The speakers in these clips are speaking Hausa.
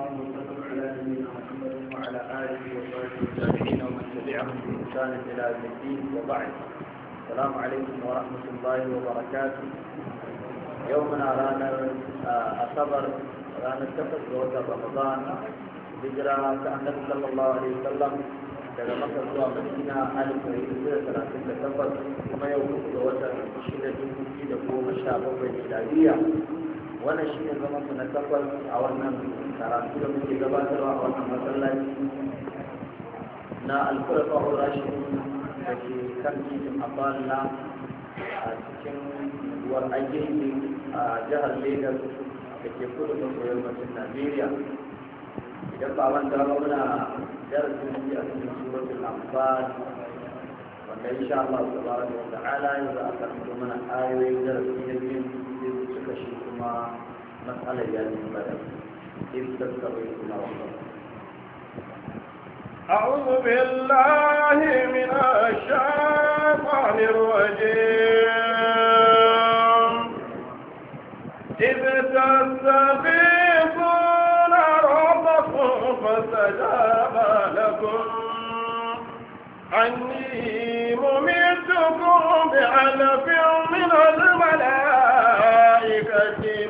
اللهم وسلم على نبينا محمد وعلى اله وصحبه والتابعين ومن تبعهم بإحسان الى يوم الدين وبعد السلام عليكم ورحمه الله وبركاته يومنا رانا اصبر رانا تفس وجه رمضان هجرة النبي صلى الله عليه وسلم daga maka zuwa madina alif da yi da talatin da tabbas kuma yau da watan shida dubu biyu da goma sha bakwai miladiya wannan shi ne zaman na tabbas a wannan karatu da muke gabatarwa a wannan masallaci na alkura fahor rashin da ke kan titin abala a cikin unguwar agirgi a jihar lagos da ke kudu maso yammacin najeriya idan ba wanda ba muna darasin ji a cikin suratul anfal wanda insha Allah subhanahu wa ta'ala yanzu aka fito mana ayoyin darasi na biyu تشركما مسألة يعني yamin إن تستغيثنا tattabai أعوذ بالله من الشيطان الرجيم إذ تستغيثون ربكم فاستجاب لكم أني ممتكم بألف من الملائكة الصلاة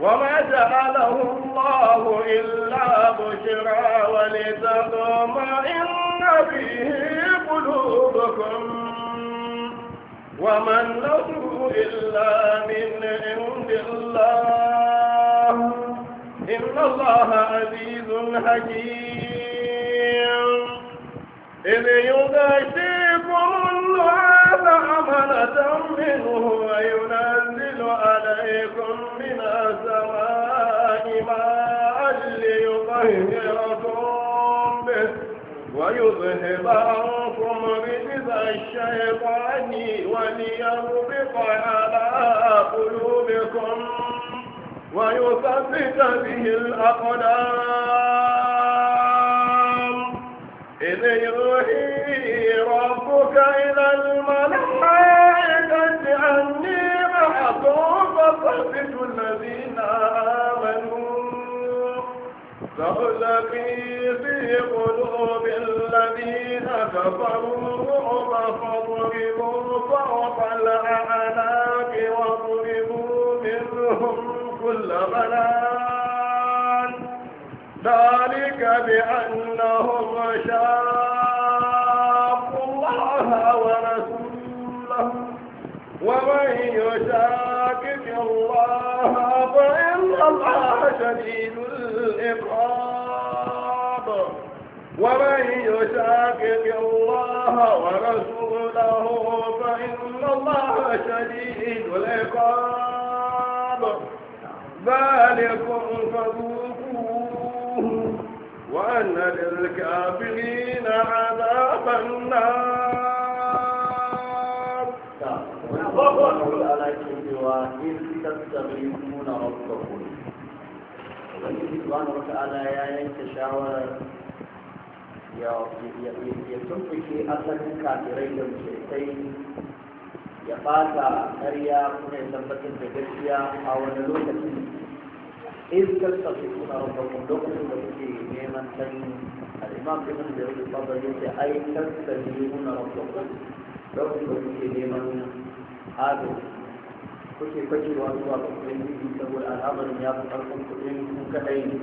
وما جعله الله إلا بشرى ولتطمئن به قلوبكم وما النصر إلا من عند الله إن الله عزيز حكيم إذ يغشيكم هذا أمنة منه وينزل عليكم من السماء ماء ليطهركم به ويذهب عنكم رجز الشيطان وليربط على قلوبكم ويثبت به الأقدام إذ يوحي ربك إلى الملائكة أني معكم فثبت الذين آمنوا سألقي في قلوب الذين كفروا فاضربوا فوق الأعناق واضربوا منهم كل منام ذلك بأنهم شاقوا الله ورسوله ومن يشاكك الله فإن الله شديد العقاب ومن يشاكك الله ورسوله فإن الله شديد العقاب ذلكم فذوقوا وأن للكافرين عذاب النار الله على كتوى إذ تستغيثون ربكم وإذ سبحانه وتعالى يا ينتشاور ya tumfuke asalin kafirai da mushrikai ya fata ƙarya kuma ya tabbatar da gaskiya a wani lokaci إذ تستغيثون ربكم لكم وفي نعما تنين الإمام ابن جرير الطبري يقول أي تستغيثون ربكم لكم وفي نعما هذا kuke kwacewa zuwa ga kudin bibi saboda al'amarin ya fi ƙarfin kudin ku kaɗai ne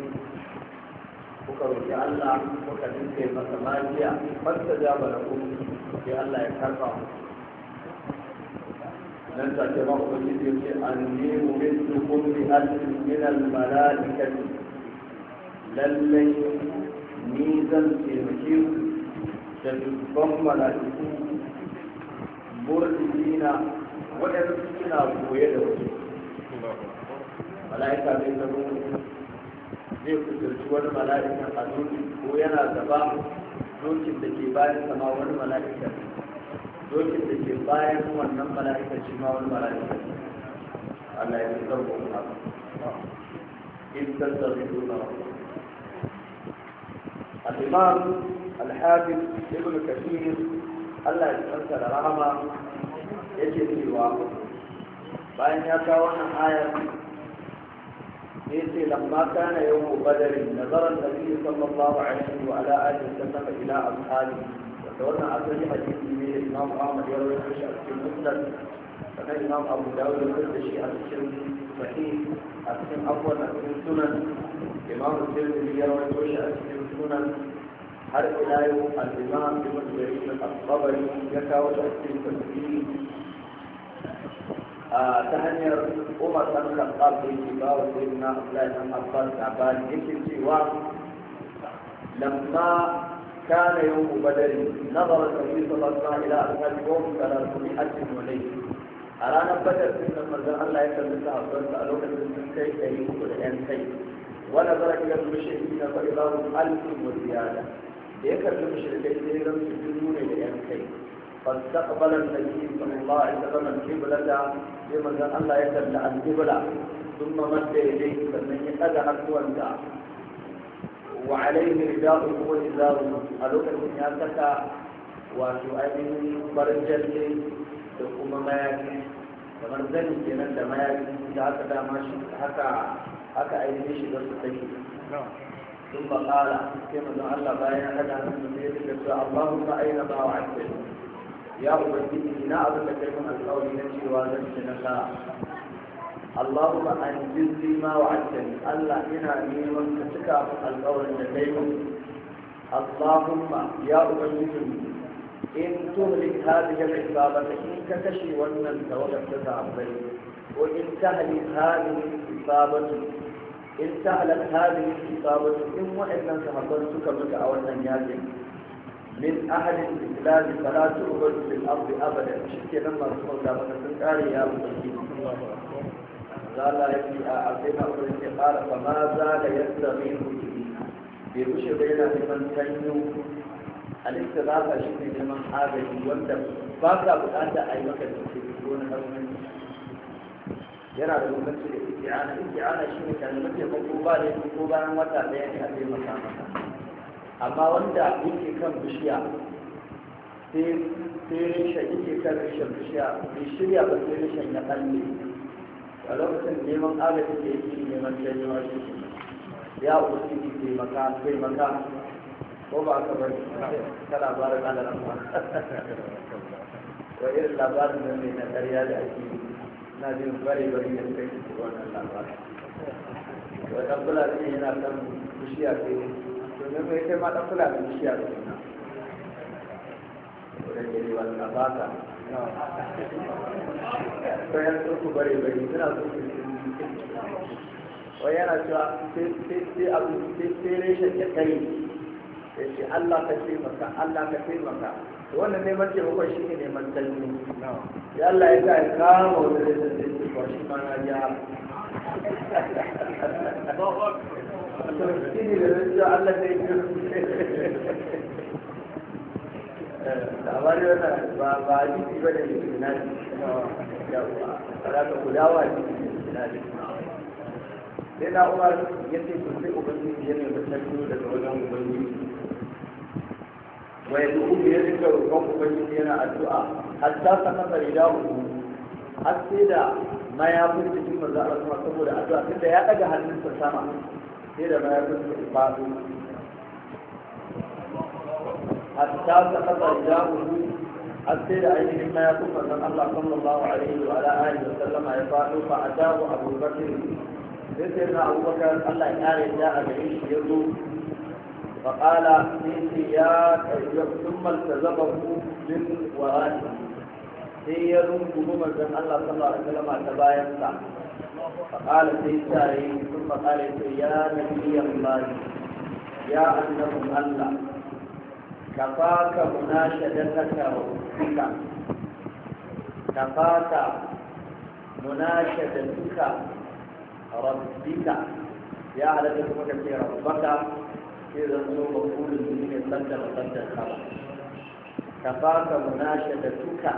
kuka roƙi Allah kuka dinka yi masa magiya fasta ja ba da kuma sai Allah ya karɓa muku nan ta ce maku da shi ce an nemo min dukkan bi alfin min almala'ikati lallai ni zan taimake ku da dubban mala'iku murdina waɗanda suna goye da wasu mala'ika zai zama zai kusurci wani mala'ika a doki ko yana gaba dokin da ke bayan sama wani mala'ika dokin da ke bayan wannan mala'ika shi ma wani mala'ika Allah ya da wani abu in tattar da duna al-imam al-hafiz ibn Allah ya tsanta da rahama yake cewa bayan ya kawo wannan ayar ليس لما كان يوم بدر نظر النبي صلى الله عليه وعلى اله وسلم ila اصحابه da wannan asali hadisi ne da imam ahmad ya rawaito shi a cikin musnad sannan imam abu dawud ya rawaito shi a cikin sahih a cikin afwan a cikin sunan imam tirmidhi ya rawaito shi a cikin sunan har ila yau al-imam ibn jarir al-tabari ya kawo shi a cikin tafsiri ta hanyar umar ɗan khattab da yake ba wa sayyidina abdullahi ɗan abbas labari yake cewa lamma كان يوم بدر نظر النبي صلى الله عليه وسلم الى اهل قوم فلا سمعت اليه a ranar bajar sun da manzan Allah ya kalli ta a lokacin sun kai ɗari uku da ɗan kai wanda zara ka gan mishi shi na faɗi ba mu alfi mu ziyada da ya kalli mishi da kai da ɗan kai fasta ƙabalar da ke ba a ita zama kibular da sai manzan Allah ya kalli an kibula sun ma mace da ya je sannan ya ɗaga wa alaihi rida'u ko izaru a lokacin ya saka wato ainihin farin jalle da kuma mayafi kamar zani kenan da mayafi da aka dama shi haka haka ainihin shiga su take sun ba ƙara sai Allah bayan hada hannun da ya rika cewa Allahumma aina ba wa ya ina abin da kai mun na cewa zan اللهم أنجزني ما وعدتني ألا إنا نيما كتكا القول لديكم اللهم يا أبنجزني إن تهلك هذه العصابة إن كتشي ونن توجدت عبدي وإن تهلك هذه العصابة إن تهلك هذه العصابة إن وإن تهبلتك بك أولا ياجب من أهل الإسلام فلا تؤمن في الأرض أبدا شكرا لما رسول الله وسلم قال يا أبو قال يجي أعطينا أمر الانتقال فما زال يستغير به بيبوش لمن تنيو الاستغاثة شكل لمن حاجه وانت فاقا بقاتا أي مكان تكون أمن yana da bambanci da isti'ana isti'ana shi ne kan mutum ya ko ba da ko bayan wata daya ne a zai maka maka amma wanda yake kan bishiya sai bai shirya ba sai ya a lokacin neman agaji da yake neman janyo a cikin ya wuce ubangiji taimaka maka ko ba ka bari ka labarin alaran ba wa irin labarin nan ne na ƙarya da ake yi. na jin bare bare da kai su wannan labarin wa dan kula ne yana kan bishiya ke. domin mai kai ma dan fulani bishiya ce na wurin gari wannan labarin bayan sun ku bare bare suna so su wai yana cewa sai abu sai reshen ya kai ya ce Allah ka ce maka Allah ka ce maka to wannan neman ba shi ne neman talmi ya Allah ya sa kama wani reshen da ya ce shi ya shi ne da Allah labari wata ba ba jiki ba da jiki na da kulawa jiki na jiki sai na umar ya ce ku sai ubangiji ya nemi tattu daga wajen ubangiji wai duk ya dinga roƙon ubangiji yana addu'a hatta sanar da ilahu har sai da mayafin jikin manzo Allah saboda addu'a da ya ɗaga hannunsa sama sai da mayafin sa ba hatta ta kasa jahu har sai da ainihin mayakun manzon Allah sallallahu alaihi wa ala alihi wa sallama ya faɗo a ajabu Abu Bakr sai sai na Abu Bakr Allah ya kare ya a gare shi ya zo sai ya ya thumma tazabahu sai ya Allah sallallahu alaihi wa ta bayan sa fa qala sai sun thumma qala ya nabiyyan Allah ya annabun Allah kafaka munashadataka bika kafaka munashadatuka rabbika ya alaka kuma ka ce rabbaka sai zan zo mafulun ne ne sanda sanda kama kafaka munashadatuka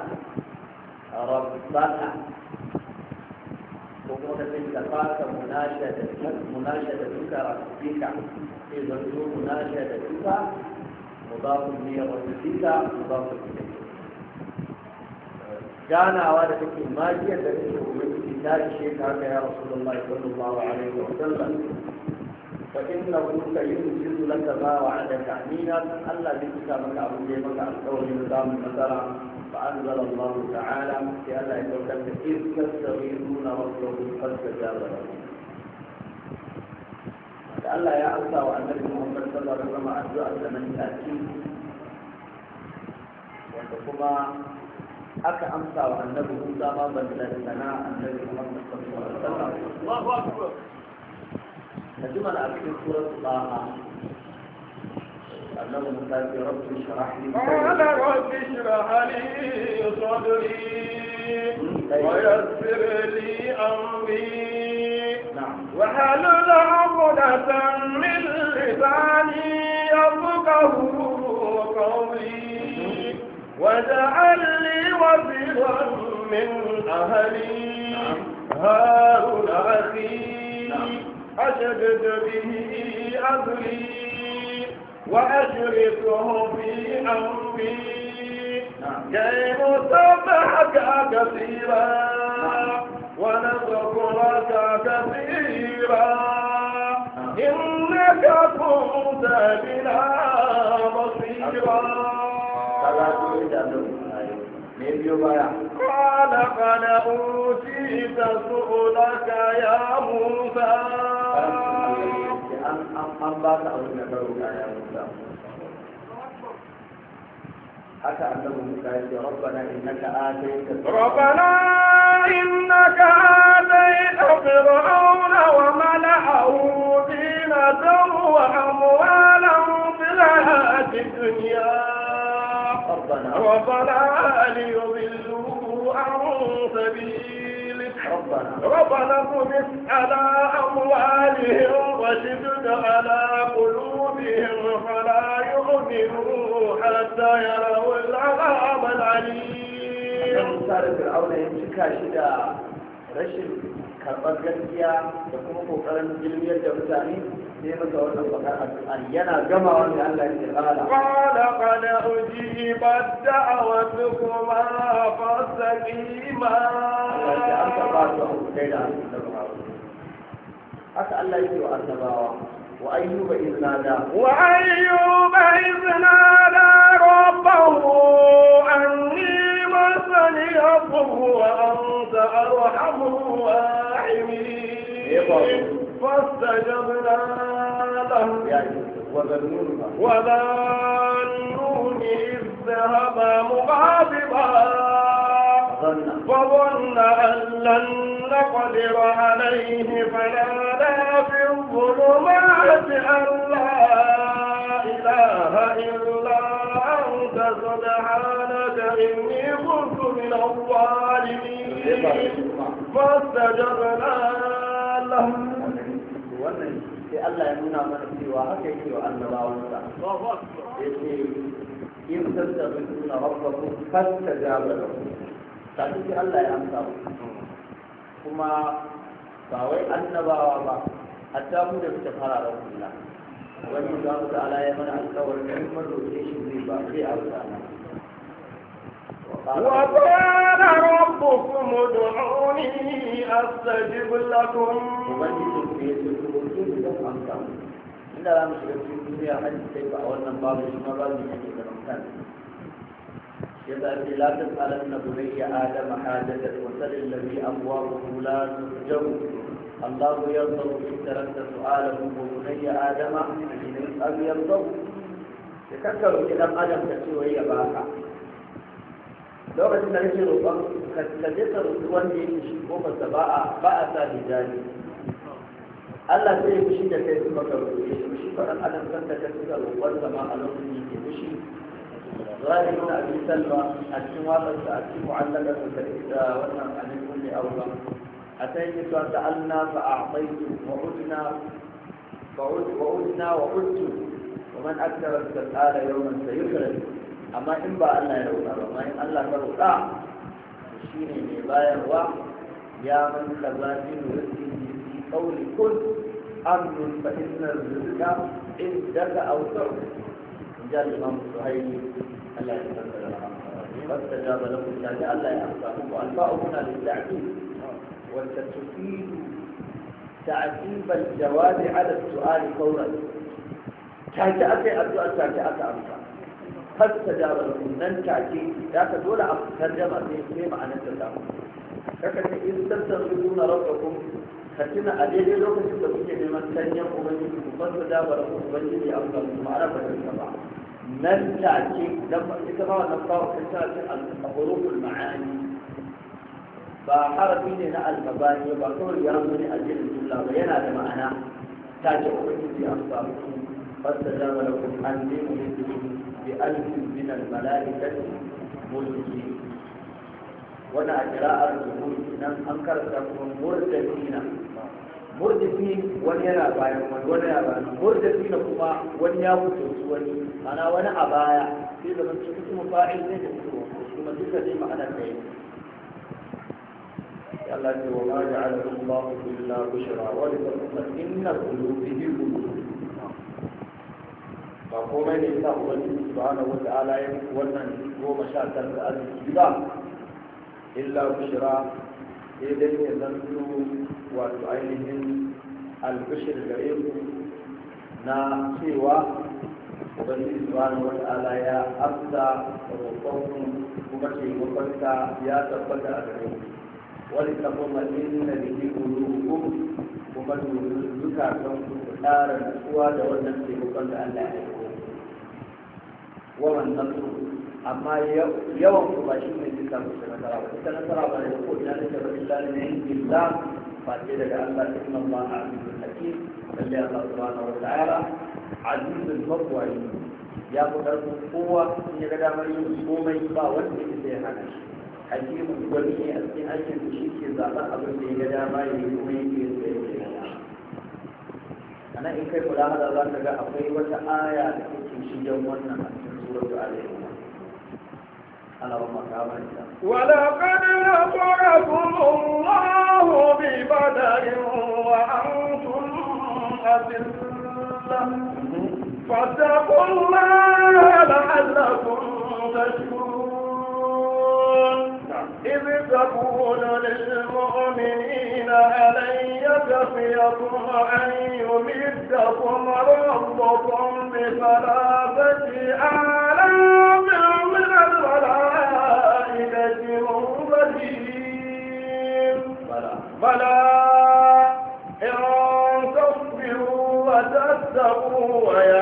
rabbaka ko kuma ka ce kafaka munashadatuka rabbika sai zan zo munashadatuka mudafun ne a wani fita mudafun ne ganawa da take magiyar da take ubangiji ta ishe ka haka ya rasulullahi sallallahu alaihi wa sallam fa innahu sayyidu laka ma wa'adaka amina Allah zai cika maka da ya maka alƙawarin da zamu nasara فأنزل الله تعالى في أن يتوكل إذ تستغيثون ربكم فاستجاب لكم da Allah ya amsa wa annabi Muhammad sallallahu alaihi wasallam addu'a da nan take wanda kuma aka amsa wa annabi Musa ma ban da sana annabi Muhammad sallallahu alaihi wasallam Allahu akbar da jumala a cikin suratul Baha قال رب اشرح لي صدري طيب. ويسر لي أمري نعم. وحلل عقدة من لساني يفقه قولي واجعل لي وزيرا من أهلي نعم. هارون أخي نعم. أشدد به أذري وأشركهم في أمري كي نسبحك كثيرا ونذكرك كثيرا إنك كنت بنا بصيرا قال قد أوتيت سؤلك يا موسى an ba ka abin da karo ka ya musa haka annabi musa ya ce rabbana innaka ataita rabbana innaka ataita fir'auna wa mala'ahu zinatan wa amwalan fil hayati dunya ربنا ربنا ليضلوا عن سبيل ربنا طمس على أموالهم وشدد على قلوبهم فلا يؤمنوا حتى يروا العذاب العليم موسى فرعون يمسك شدا rashin karɓar gaskiya da kuma ƙoƙarin ilmiyar da mutane yana gama wani Allah ya kala qala qad ujibat da'watukuma fastaqima an taba su kai da haka Allah yake wa annabawa wa ayyuba idh nada wa ayyuba idh nada rabbahu anni masani rabbuhu wa فاستجبنا له وذا النون إذ ذهب مغاضبا فظن أن لن نقدر عليه فنادى في الظلمات أن لا إله إلا أنت سبحانك إني كنت من الظالمين فاستجبنا له wannan sai Allah ya nuna mana cewa haka yake wa annabawansa yace in tastabuna rabbakum fastajaba lakum sai sai Allah ya amsa kuma ba wai annabawa ba hatta mu da suka fara da kula wani za mu ta'ala ya mana alƙawarin da mun zai ba sai a wuta وقال ربكم ادعوني استجب لكم man kan inda za mu shiga cikin duniya har sai ba wannan babu shi ma babu shi ke gaban kan ya da ke latin alam na bulai ya adama hadadar wasalin lari abuwa ko kula su jau Allah ku yi zau shi tarar da su'ala ku ko kula ya adama a jinin tsariyar zau ya kakkaru ki dan adam ka ce wai ya baka lokacin da nake roƙon ka ka je ka roƙi wanda ya ko ba ba a sa hijabi Allah sai yi fushi da kai su baka rubuce shi fushi ba dan adam kan ta kasu ga roƙon zama a lokacin yake fushi zai nuna abin salma a cikin wasan wasansa a cikin mu'allaka da da wannan alin kulli aula a ta yi cewa ta'alna fa a'taitu wa udna fa udna wa udtu wa man akthara as-sala yawman sayukhrij amma in ba Allah ya roƙa ba amma in Allah ka roƙa shine mai bayarwa ya man kaza min rizqi قول كل أمن فإن الرزق عندك أو تعب جاء الإمام السهيلي الله يتفضل فاستجاب له الشافعي ألا يحصاهم والفاء هنا للتعجيل وستفيد تعجيب الجواب على السؤال فورا أبدو أن تعجأت أمسا فاستجاب له من تعجيب لا تقول أبو ترجمة في معنى التسامح فكذا إذ تستغلون ربكم ka tuna a daidai lokacin da kuke neman sanyan ubangiji ku fasa dabar ubangiji a kan ma'ana ba ta ba nan take dan ita ma wannan ba ta take al-huruful ma'ani ba harafi ne na al-mabani ba kawai ya zo ne a cikin jumla ba yana da ma'ana Ta take ubangiji an ba ku fasa dabar ku an ne mu bi alfin min al-mala'ikati mulki wannan a kira'ar zuhuri nan an karanta kuma murtalina murdafi wani yana bayan wani wani yana bayan murdafi na kuma wani ya fito wani ana wani a baya sai zaman cikin kuma fa'il ne da kuma kuma duka dai ma'ana ɗaya Allah ce wa ma ja'ala Allahu illa bushra wa inna qulubihi ba komai ne sa ubangiji subhanahu wa ta'ala ya wannan goma sha tara da arziki ba illa bushra sai dai ya zanto wato ainihin alƙashir gare ku na cewa wani subhanahu wata ala ya amsa roƙonku kuma taimakonsa ya tabbata a gare ku wani kafin malin da ke kulubukum kuma domin zukatan ku da tsara nutsuwa da wannan taimakon da Allah ya yi wannan nan amma yawan ku ba shi ne duka musu nasara ba ita nasara ba ne ko ina nake ba illa yin illa face daga Allah ta inna Allah a azizul hakim lalle Allah subhanahu wa ta'ala azizul mabwai ya fi karfin kowa in ya ga damar yin komai ba wanda ya zai hana shi hakimu gwani ne a cikin aikin da shi ke zaɓar abin da ya ga dama ya yi kuma yake yin sai ke a in kai kula da za ka ga akwai wata aya da take shigen wannan a cikin suratu alaihi ولقد نصركم الله ببدر وأنتم أذلة فاتقوا الله لعلكم تشكرون إذ تقول للمؤمنين ألن يكفيكم أن يمدكم ربكم بثلاثة آلاف من الملائكة كذبوا ويا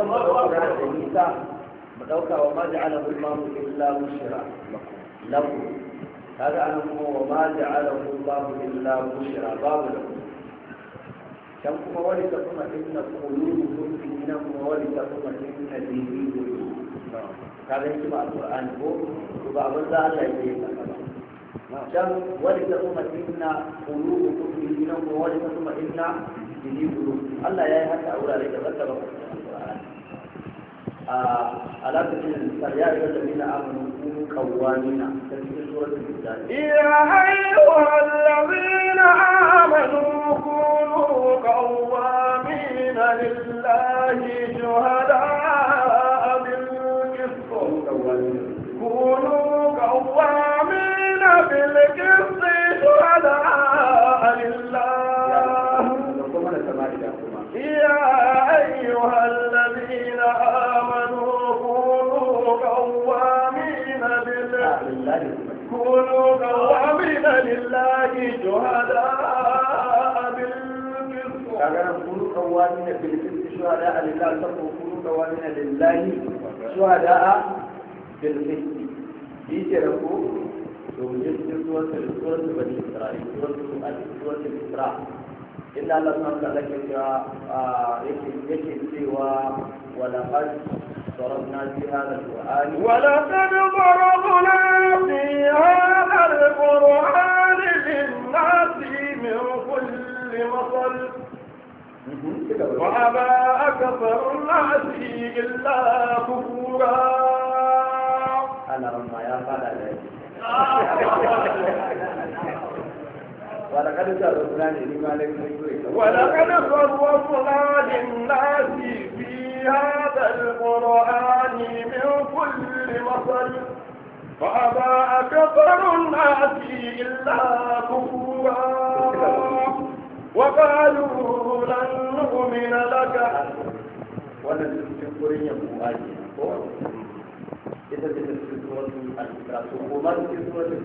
a wata da nisa ba dauka wa ma ja'ala Allahu illa bushra lakum kaga an ko wa ma ja'ala Allahu illa bushra babu lakum kan kuma wani ta kuma din na kulu kun fi na kuma wani ta kuma din na dini kaga shi ko ba ba za Allah yake ba dan wani ta kuma din na kulu kuma wani ta kuma din na Allah ya yi haka a wurare da zaka a lokacin ya yi wata mina amonu kuma kawamina ta cikin surat al-misali ya ayyuha allazina amanu kunu qawwamina lillahi shuhada'a bil qist kunu qawwamina bil qist shuhada'a lillah ya ayyuha allazina amanu كونوا قوامين لله شهداء بالكفر قوامين شهداء لله تقول قوامين لله شهداء بالكفر dice da ku domin yin duk wata da suwar da bane tsari suwar da suwar da suwar da suwar إلا Allah subhanahu wa ta'ala ke سوى ولقد ضربنا في هذا القرآن ولقد ضربنا في هذا القرآن للناس من كل مصل وأبى أكثر الناس إلا كفورا أنا رمى يا فلا ولقد صرفنا لمالك ولقد صرفنا للناس في هذا القرآن من كل مصر فأبى أكثر الناس إلا كفورا وقالوا لن نؤمن لك ولن تكفرين يا إذا تكفرين الكافرين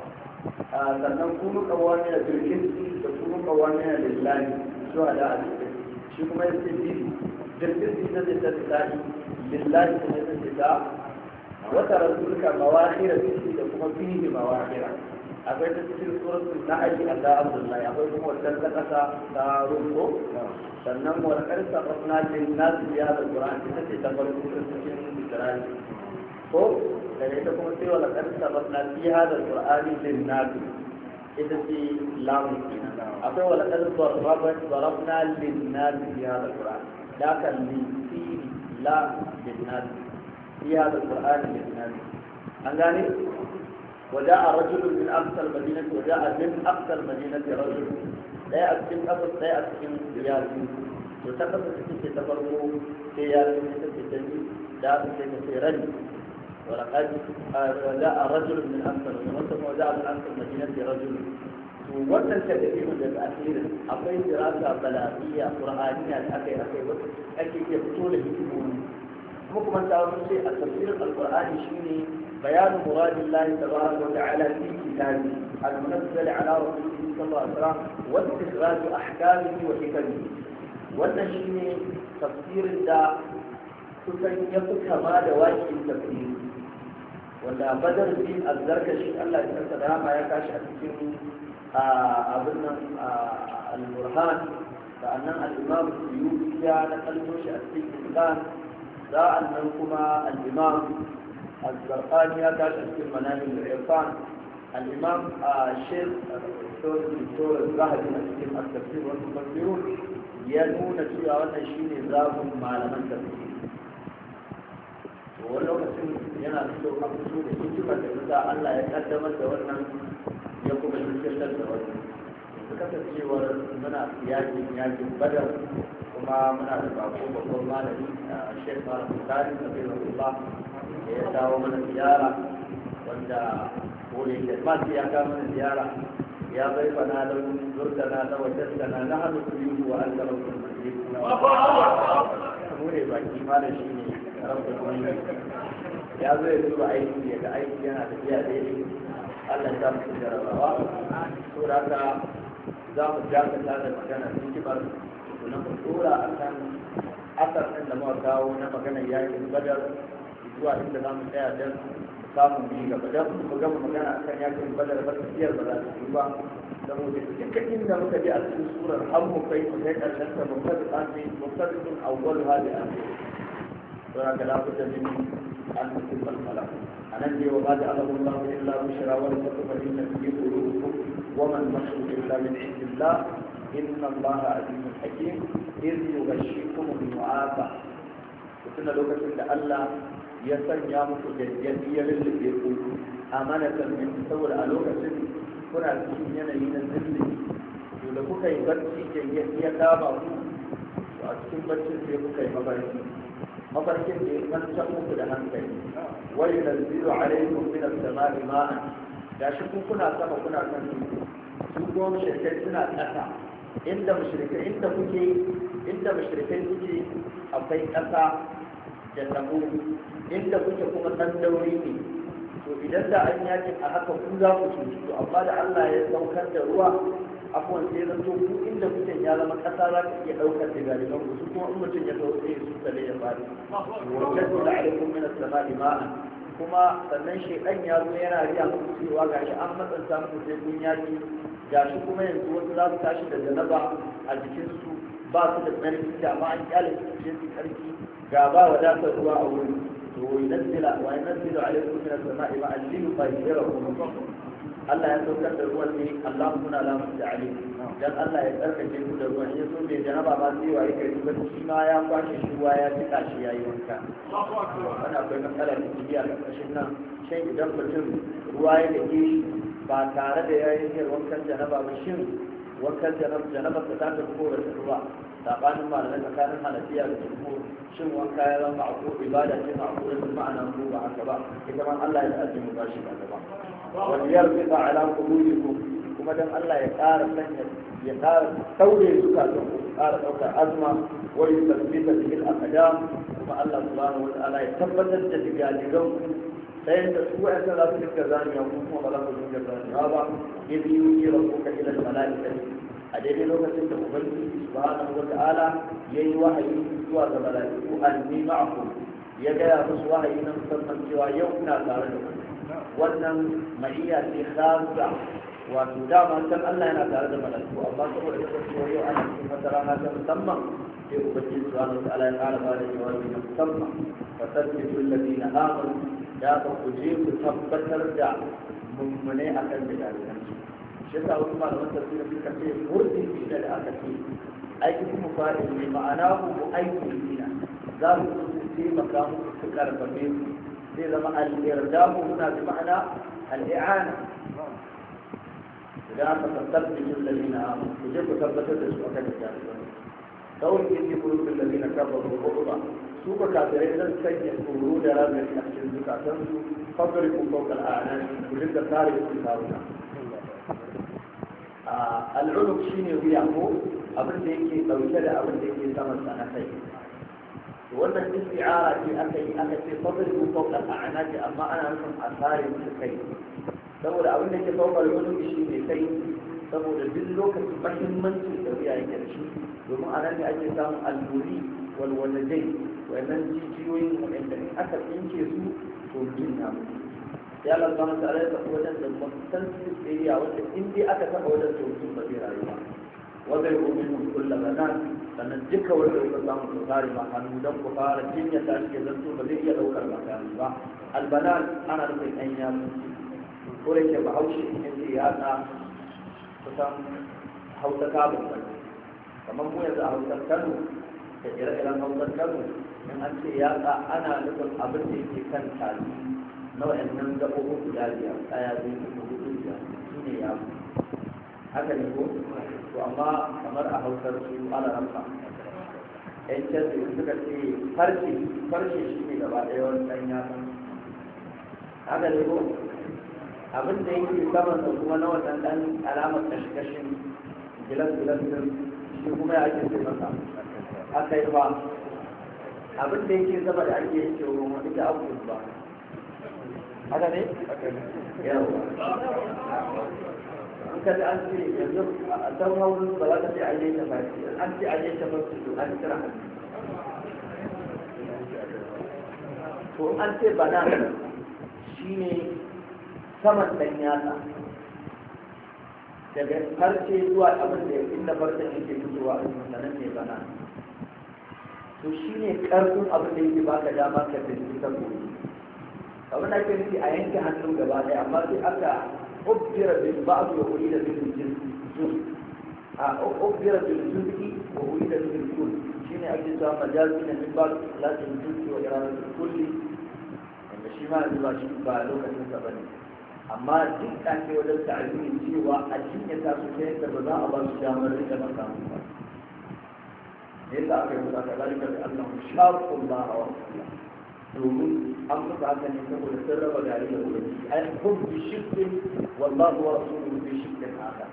sannan kuma kawani da turkin da kuma kawani da lillahi su a da shi kuma ya ce jirgin su na zai ta lillahi kuma ya ce ta wata rasulka mawahira su da kuma fiye mawahira akwai ta cikin na aiki a da abdullahi akwai kuma wannan ta kasa ta rumbo sannan wa karsa fasna na su ya da qur'an ta ce ta farko cikin isra'ila خب فليتكم في ولا في هذا القران للناس اذا في لام اتو ولا تنسبنا ضربنا للناس في هذا القران لكن لي في لا للناس في هذا القران للناس انغاني وجاء رجل من اقصى المدينه وجاء من اقصى المدينه رجل لا اكن اقصى لا اكن رياضي وتقدم في تقرؤ في رياضي في تجديد دا في تجديد ولقد وجاء رجل من أمثل ومصر وجاء من أمثل مدينة رجل wannan tafiyar daga asirin akwai dirasa balafiya qur'aniya da akai akai wata ake iya fito da hikimomi kuma kuma ta wani sai a tafsirin al'kur'ani shine bayanu muradin lahi tabaraka wa ta'ala fi kitabi al-munazzal ala a sallallahu alaihi wasallam wa istikhraj ne wa hikamihi wannan shine tafsirin da kusan ya fi kama da waƙin tafsiri wanda badar din azzarkashi Allah ya karsa da ya kashi a cikin abin nan al-burhan sa'annan al-imam suyuti ya na kalmo shi a cikin za a nan kuma al-imam al azzarqani ya kashi a cikin manamin irfan al-imam shekh doktor zahabi a cikin al-tafsir wa tafsirun ya nuna cewa wannan shine zabun malaman tafsir wani lokacin yana fito a fito da hikimar da ta Allah ya kaddamar da wannan ya kuma shirkar da wannan su kasancewar muna yakin yakin badar kuma muna da bako babban malami a shek mara bukari na bai rasulullah da ya dawo mana ziyara wanda kone da masu ya kama mana ziyara ya bai fana da zurtana da wajen da na na hannu kuyi wa an zama kuma ne baki ma da shi ne ya zo ya duba aiki ya ga aiki yana da tafiya daidai Allah ya mu jarabawa to da haka za mu dakata da magana sun kibar na mu tura akan asar ɗin da muka kawo na maganar yakin badar zuwa inda za mu tsaya don samun biyu gaba don mu gama magana akan yakin badar ba biyar ba za ta yi ba saboda duka inda muka je a cikin surar an mu kai mu kai ƙarshen ta mubtadi awwal hadi akhir don ga labuta min an tukin balkala a nan ne wa ba da alamun labu illa bushra wani kwata fa inna fi qulubikum wa man nashu illa min indillah inna allaha azizun hakim iz yughashshikum al-mu'aba tunda lokacin da Allah ya sanya muku gaggadi ya lullube ku amanatan min saboda a lokacin kuna cikin yanayi na zilli to kuka yi barci gaggadi ya kama ku a cikin barcin sai kuka yi mabarci mafarkin da ya kwantar muku da hankali wani da ziro a laikun min al-sama'i ma'an da shi kuna sama kuna kan tudu su ko mushrikai suna ƙasa inda mushrikai inda kuke inda mushrikai kuke akwai ƙasa da tabo inda kuke kuma ɗan dauri ne to idan da an yakin a haka ku za ku cutu amma da Allah ya saukar da ruwa abuwan sai zan to ku inda mutum ya zama kasa za ka iya ɗaukar da galiban ku su kuma in mutum ya zo sai su tale ya fari wajen su da alaikun min as-sama'i ma'an kuma sannan shekan ya zo yana riya muku cewa gashi an matsanta muku sai kun yaki shi kuma yanzu wasu za su tashi da janaba a jikinsu ba su da tsarki da ma an kyale su ce su tsarki ga ba wadatar ruwa a wuri to wai nasila wa nasila alaikum min as-sama'i ma'an liyubayyirakum Allah ya saukar da ruwan ne Allah kuna lamun da ali dan Allah ya tsarkake ku da ruwan ya so bai janaba ba sai wa yake ruwan shi ma ya kwashe shi ruwa ya tika shi yayi wanka ana akwai matsala da kibiya a kashin nan shin idan mutum ruwa ya dake shi ba tare da yayin yin wankan janaba ba shin wankan janaba ta ta ko da ruwa sabanin da tsakanin halafiya da jumhur shin wanka ya zama ma'aku ibada ce ma'aku ma'ana ma'anar ruwa haka ba ita ma Allah ya tsaje mu ba shi ba waliyar fita ala kuduri ku kuma dan Allah ya ƙara sanya ya ƙara saure suka don ku ƙara ɗauka azma wani tasbita da bil akadam kuma Allah ya tabbatar da jigajigan ku ta yadda su wa'in sa za su rika zaniya kuma ba za ku rika zaniya ba ya fi yi kira ku ka a daidai lokacin da ubangiji subhanahu wataala ya yi wahayi zuwa ga mala'iku annima'ku ya gaya su wahayi na musamman cewa yau na tare da ku wannan iya ce khasa wato dama san Allah yana tare da malaiku amma saboda kasancewar yau an cikin wata rana ta musamman sai ubangiji subhanahu su ta'ala ya ƙara ba da jawabi na musamman fa sabbitu alladhina amanu da ka ku je ku tabbatar da mummune akan gidajen shi yasa wasu malaman tafsir suka ce murdi shi da aka ce aiki kuma fa'il ne ma'ana ku aiki ne za ku taimaka muku su karfafe su zai zama al-irdamu muna bi ma'ana al idan aka tattar da yin lalina ku je ku tabbatar da su akan jami'an kawai yin yi kuru da lalina na ko ko ba su ka kafirai zan sanya tsoro da ramin a cikin zukatansu fagari ku kawkar a ku dinga kare ku kawuna ah, al'uluk shine wuya ko abin da yake ɗauke da abin da yake samar sa na kai wannan isti'ara ce aka yi aka ce fadlu fawqa al'anaki amma ana nufin asari musu kai saboda abin da ke fawqa al-qulubi shi ne kai saboda duk lokacin mahimmancin da wuya yake da shi domin a nan ne ake samun alluri walwalajai wannan jijiyoyin wanda in aka tsinke su to jin na ya lalba masu alaƙa wajen da mutum area wanda in dai aka taɓa wajen to mutum ba zai rayuwa wanda kuma yi kulla banan sannan duka wanda ya samu ku fara ma hannu don ku fara jinya ta ake zanto ba zai iya daukar makami ba albanan ana nufin ɗan yatsu ko da ke bahaushe in ce yatsa kusan hausa kabin ba kamar mu yanzu a hausar kano da ire-iren hausar kano in an ce yatsa ana nufin abin da yake kan tali na wa'annan gaɓoɓin guda biyar ɗaya zai yi hudu biyar shi ne yatsu haka ne ko to amma kamar a hausar su ana ramsa yan canzu suka ce farce farce shi ne gaba ɗaya wani ɗan yatsa haka ne ko abin da yake saman da kuma na wannan ɗan alamar kashe-kashen gilas-gilas din shi kuma ya ake sai masa haka yi ba abin da yake saman da ake ce wa wani da abu ba haka ne yawa ka ji an ce yanzu a san hawan ba za ka ce an yi ta fashi an ce an yi ta fashi to an kira to an ce bana shi ne saman ɗan yatsa daga harshe zuwa abin da inda farkon yake fitowa a cikin sanan ne bana to shi ne ƙarfin abin da yake baka dama ka tafi ta gobe abin da ake nufi a yanke hannu gaba ɗaya amma sai aka أبدر بالبعض وأريد بالجزء أبدر بالجزء وأريد بالكل شيني أجزاء مجاز من المنبر لا بالجزء وإرادة الكل wanda shi ma yanzu ba shi ba lokacin sa bane amma duk da ke wajen ta'alimi cewa a cinye ta su yadda ba za a ba su damar rika ba samu ba yadda aka yi musa ka zalika da Allah shaqqu Allah wa rasulahu domin an musu haka ne saboda sun raba gari da wuri an hum bi shirkin wallahu wa rasuluhu bi shirkin haka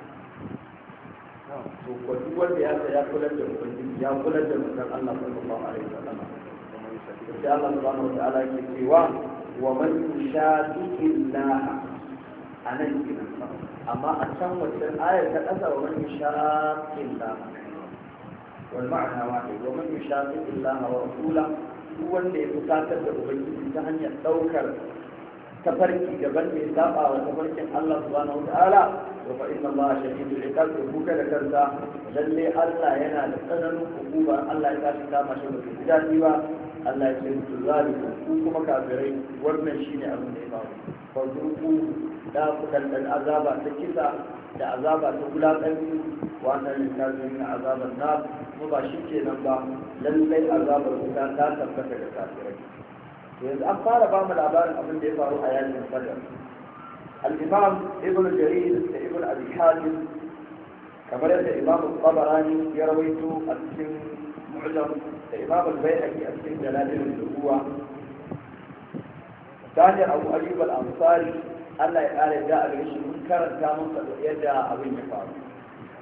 to ko duk wanda ya ya kula da ubangiji ya kula da manzon Allah sallallahu alaihi wasallam da Allah subhanahu wa ta'ala ke cewa wa man yushaqi Allah anan kina amma a can wannan ayar ta kasa wa man yushaqi Allah wal ma'ana wahid wa man yushaqi Allah wa rasulahu duk wanda ya bukatar da ubangiji ta hanyar ɗaukar tafarki ga mai zaba wa tafarkin Allah subhanahu wata'ala wa fa inna Allah shahidu iqab to buka da karza lalle Allah yana da tsananin hukuma Allah ya tashi kama shi da kidani ba Allah ya ce mutu ku kuma kafirai wannan shine abin da ya faru فذوقوا azaba ta kisa da azaba ta wulaƙanci wannan littafin na azabar na kuma ba shi ke nan ba lallai azabar wuta ta tabbata da kafirai yanzu an fara ba mu labarin abin da ya faru a yakin badar al-imam ibn jarir da ibn abi hatim kamar yadda imam tabarani ya rawaito a cikin mu'jam da imam al bayhaqi a cikin jalalin nubuwa ta abu ayyub al-ansari Allah ya kare da a gare mun karanta masa yadda abin ya faru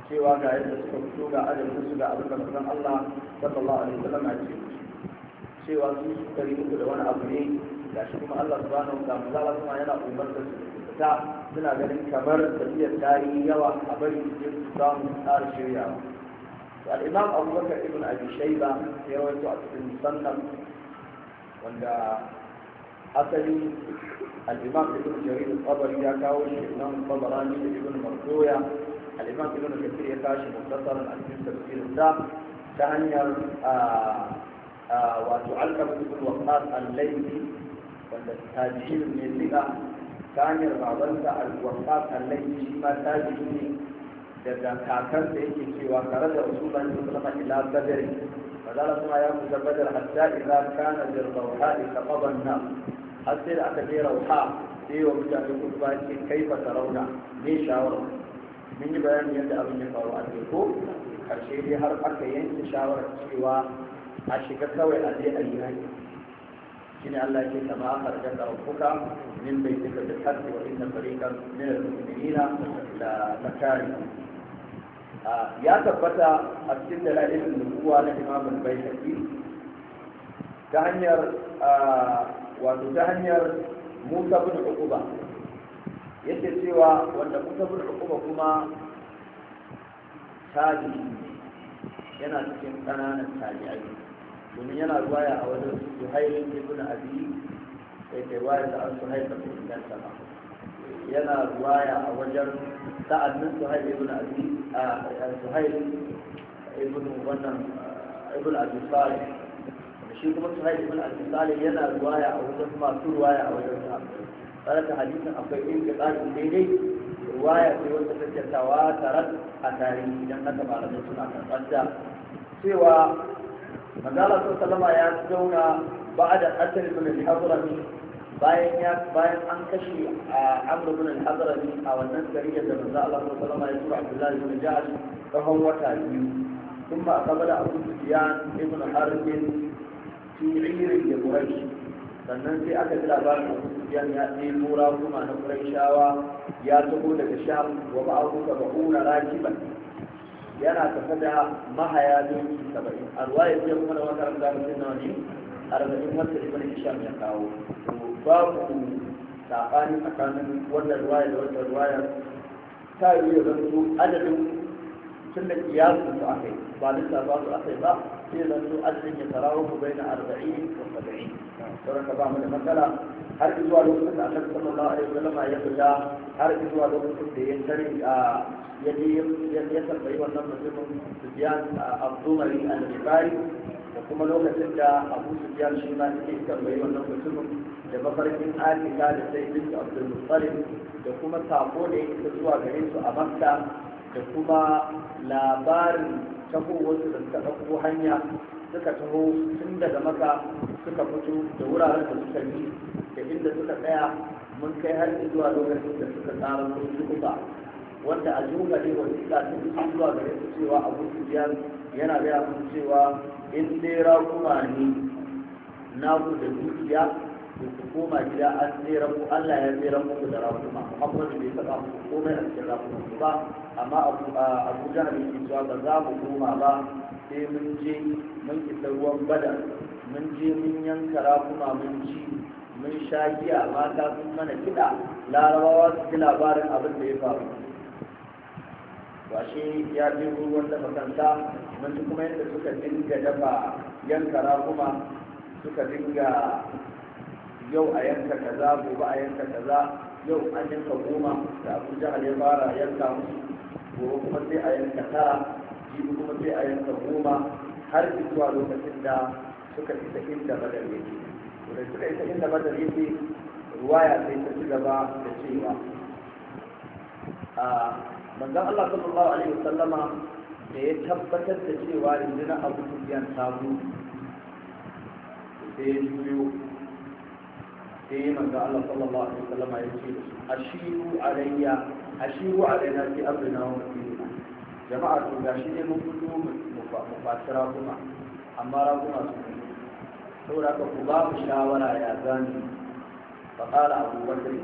cewa ga yadda suka fito ga adadin su ga abin da manzon Allah sallallahu alaihi wasallam ya ce cewa su suka yi muku da wani abu ne da shi kuma Allah su bani wa ta'ala kuma yana umarta su ta suna ganin kamar tafiyar tarihi yawa a bari su je su samu tsara shiryawa الإمام أبو بكر ابن أبي شيبة a cikin المصنف wanda. الحسني الإمام ابن جرير الطبري يكاوش الإمام الطبراني ابن مرضوية الإمام ابن كثير يكاوش مختصرا عن كل تفسير الزام تهنير آه، آه، وتعلق بكل وقات الليلي والتاجين من اللغة تهنير بعضلت الوقات الليلي شما تاجيني جدًا كاكرت إيكي في وقرد رسول الله يطلق إلى بدر فقال ثم يأخذ بدر حتى إذا كان للضوحاء تقضى النار har sai da aka je rauha sai wa mutane kudu ba ce kai fa rauna ne shawara mun yi bayani yadda abin ya faru a teku karshe dai har aka yanke shawarar cewa a shiga kawai a je a yi hanyar shine Allah ya ce kama harjaka rabbuka min baitika bil haqqi wa inna fariqan min al mu'minina la takari ya tabbata a cikin dalilin nubuwa na Imam al ta hanyar wato ta hanyar musa bin hukuba yake cewa wanda musa bin hukuba kuma tabi yana cikin ƙananan tabi'ai domin yana ruwaya a wajen suhail ibn abi sai kai ruwaya da an suhail da kuma dan sama yana ruwaya a wajen sa'adnin suhail ibn abi a suhail ibn wannan ibn abi salih shi kuma sahih ibn abi salih yana ruwaya a wajen masu ruwaya a wajen sa da hadisin akwai in ga tsarin daidai ruwaya sai wanda take tawatarar a tarihi idan haka da suna karɓar da cewa manzala sun salama ya zauna ba da asali min al-hadrami bayan ya bayan an kashe a amru bin al-hadrami a wannan gariyar da manzo Allah sun salama ya tura Abdullah ibn jihar tsawon wata biyu kuma a kabala Abu Sufyan ibn Harith tiririn da ƙurashi sannan sai aka ji labarin abu sufiyan ya mura kuma na shawa ya taho daga sham wa ba'ahu ka raki ba yana tafe da mahaya doki saba'in a ruwayar kuma da wata rana zafi na wani arba'in wata ibn hisham ya kawo babu saɓani tsakanin wannan ruwaya da wata ruwaya ta yi yanzu adadin tun da kiyasun su aka yi ba lissafa su aka yi ba sai zan so azumin ya tarawo ku bai na arba'in da saba'in sauran ka ba mu da matsala har zuwa lokacin da annabi sallallahu alaihi wasallam ya fita har zuwa lokacin da ya tare a ya je ya tambayi wannan mutumin Sufyan Abdumari al ribari da kuma lokacin da Abu Sufyan shi ma yake tambayi wannan mutumin da mafarkin Atika da sai bin Abdul Muttalib da kuma sako da yake zuwa gare su a Makka da kuma labarin ta wasu da suka ɗauko hanya suka taho tun daga maka suka fito da wuraren da suka yi da inda suka tsaya mun kai har zuwa lokacin da suka tsara su kuka wanda a jumla ne wani suka sun zuwa gare su cewa abu biyar yana gaya mun cewa in tsera kuma ne na da dukiya ku koma gida an tsere ku Allah ya tsere muku da rahama Muhammad bai faɗa muku komai a cikin rahama ba amma Abu Jahl yake cewa ba za mu koma ba sai mun je mun isa ruwan bada mun je mun yanka rakuma mun ci mun sha giya mata sun mana kiɗa larabawa su ji labarin abin da ya faru washe ya je ruwan dafa kanta mun kuma yadda suka dinga dafa yanka rakuma suka dinga yau a yanka kaza gobe a yanka kaza yau an yanka goma da abu jihar ya fara yanka musu gobe kuma sai a yanka tara jibi kuma sai a yanka goma har zuwa lokacin da suka isa inda badar yake da suka isa inda badar yake ruwaya sai ta ci gaba da cewa a manzan Allah sallallahu alaihi wasallama da ya tabbatar da cewa rundunar abu sufiyan ta sai ya juyo sai manzo Allah sallallahu alaihi wasallam ya ce ashiru alayya ashiru alayna fi abdina wa masirina jama'a to gashi ne mun fito mu fasira kuma amma raguma su saboda ka ku ba mu shawara ya zani fa qala abu bakr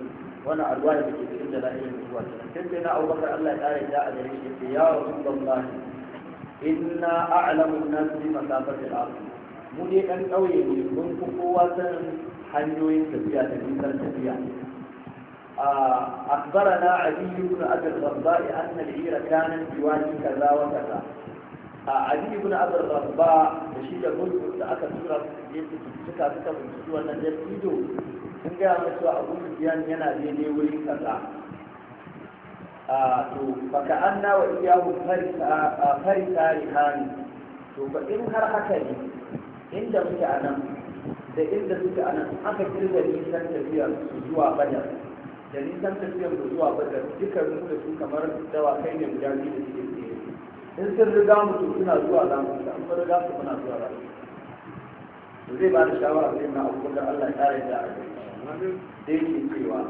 wannan alwaye da ke cikin zuwa ta. sai sai na abu bakar Allah ya kare da a gare shi sai ya rasulullahi inna a'lamu an-nas bi masafati al-ardh mu ne dan kauye ne mun fi kowa sanin hanyoyin tafiya da nisan tafiya a akbara na aliyu na abin rabba a annal hira kanan diwani kaza wa kaza a aliyu na abin rabba da shi da mulkin da aka tura ne su cika suka bincike wannan da ido sun gaya masu cewa abu biyan yana daidai wurin kaza a to ka an na wa iyawu farisa rihani to ba in har haka ne inda muke a nan da inda suka anan aka kirga nisan tafiya zuwa badar da nisan tafiya zuwa badar duka da su kamar dawa kai ne guda biyu da suke tsaye in sun riga mutu suna zuwa za mu sa in riga su muna zuwa za mu zai ba da shawara zai na da Allah ya kare da arziki da yake cewa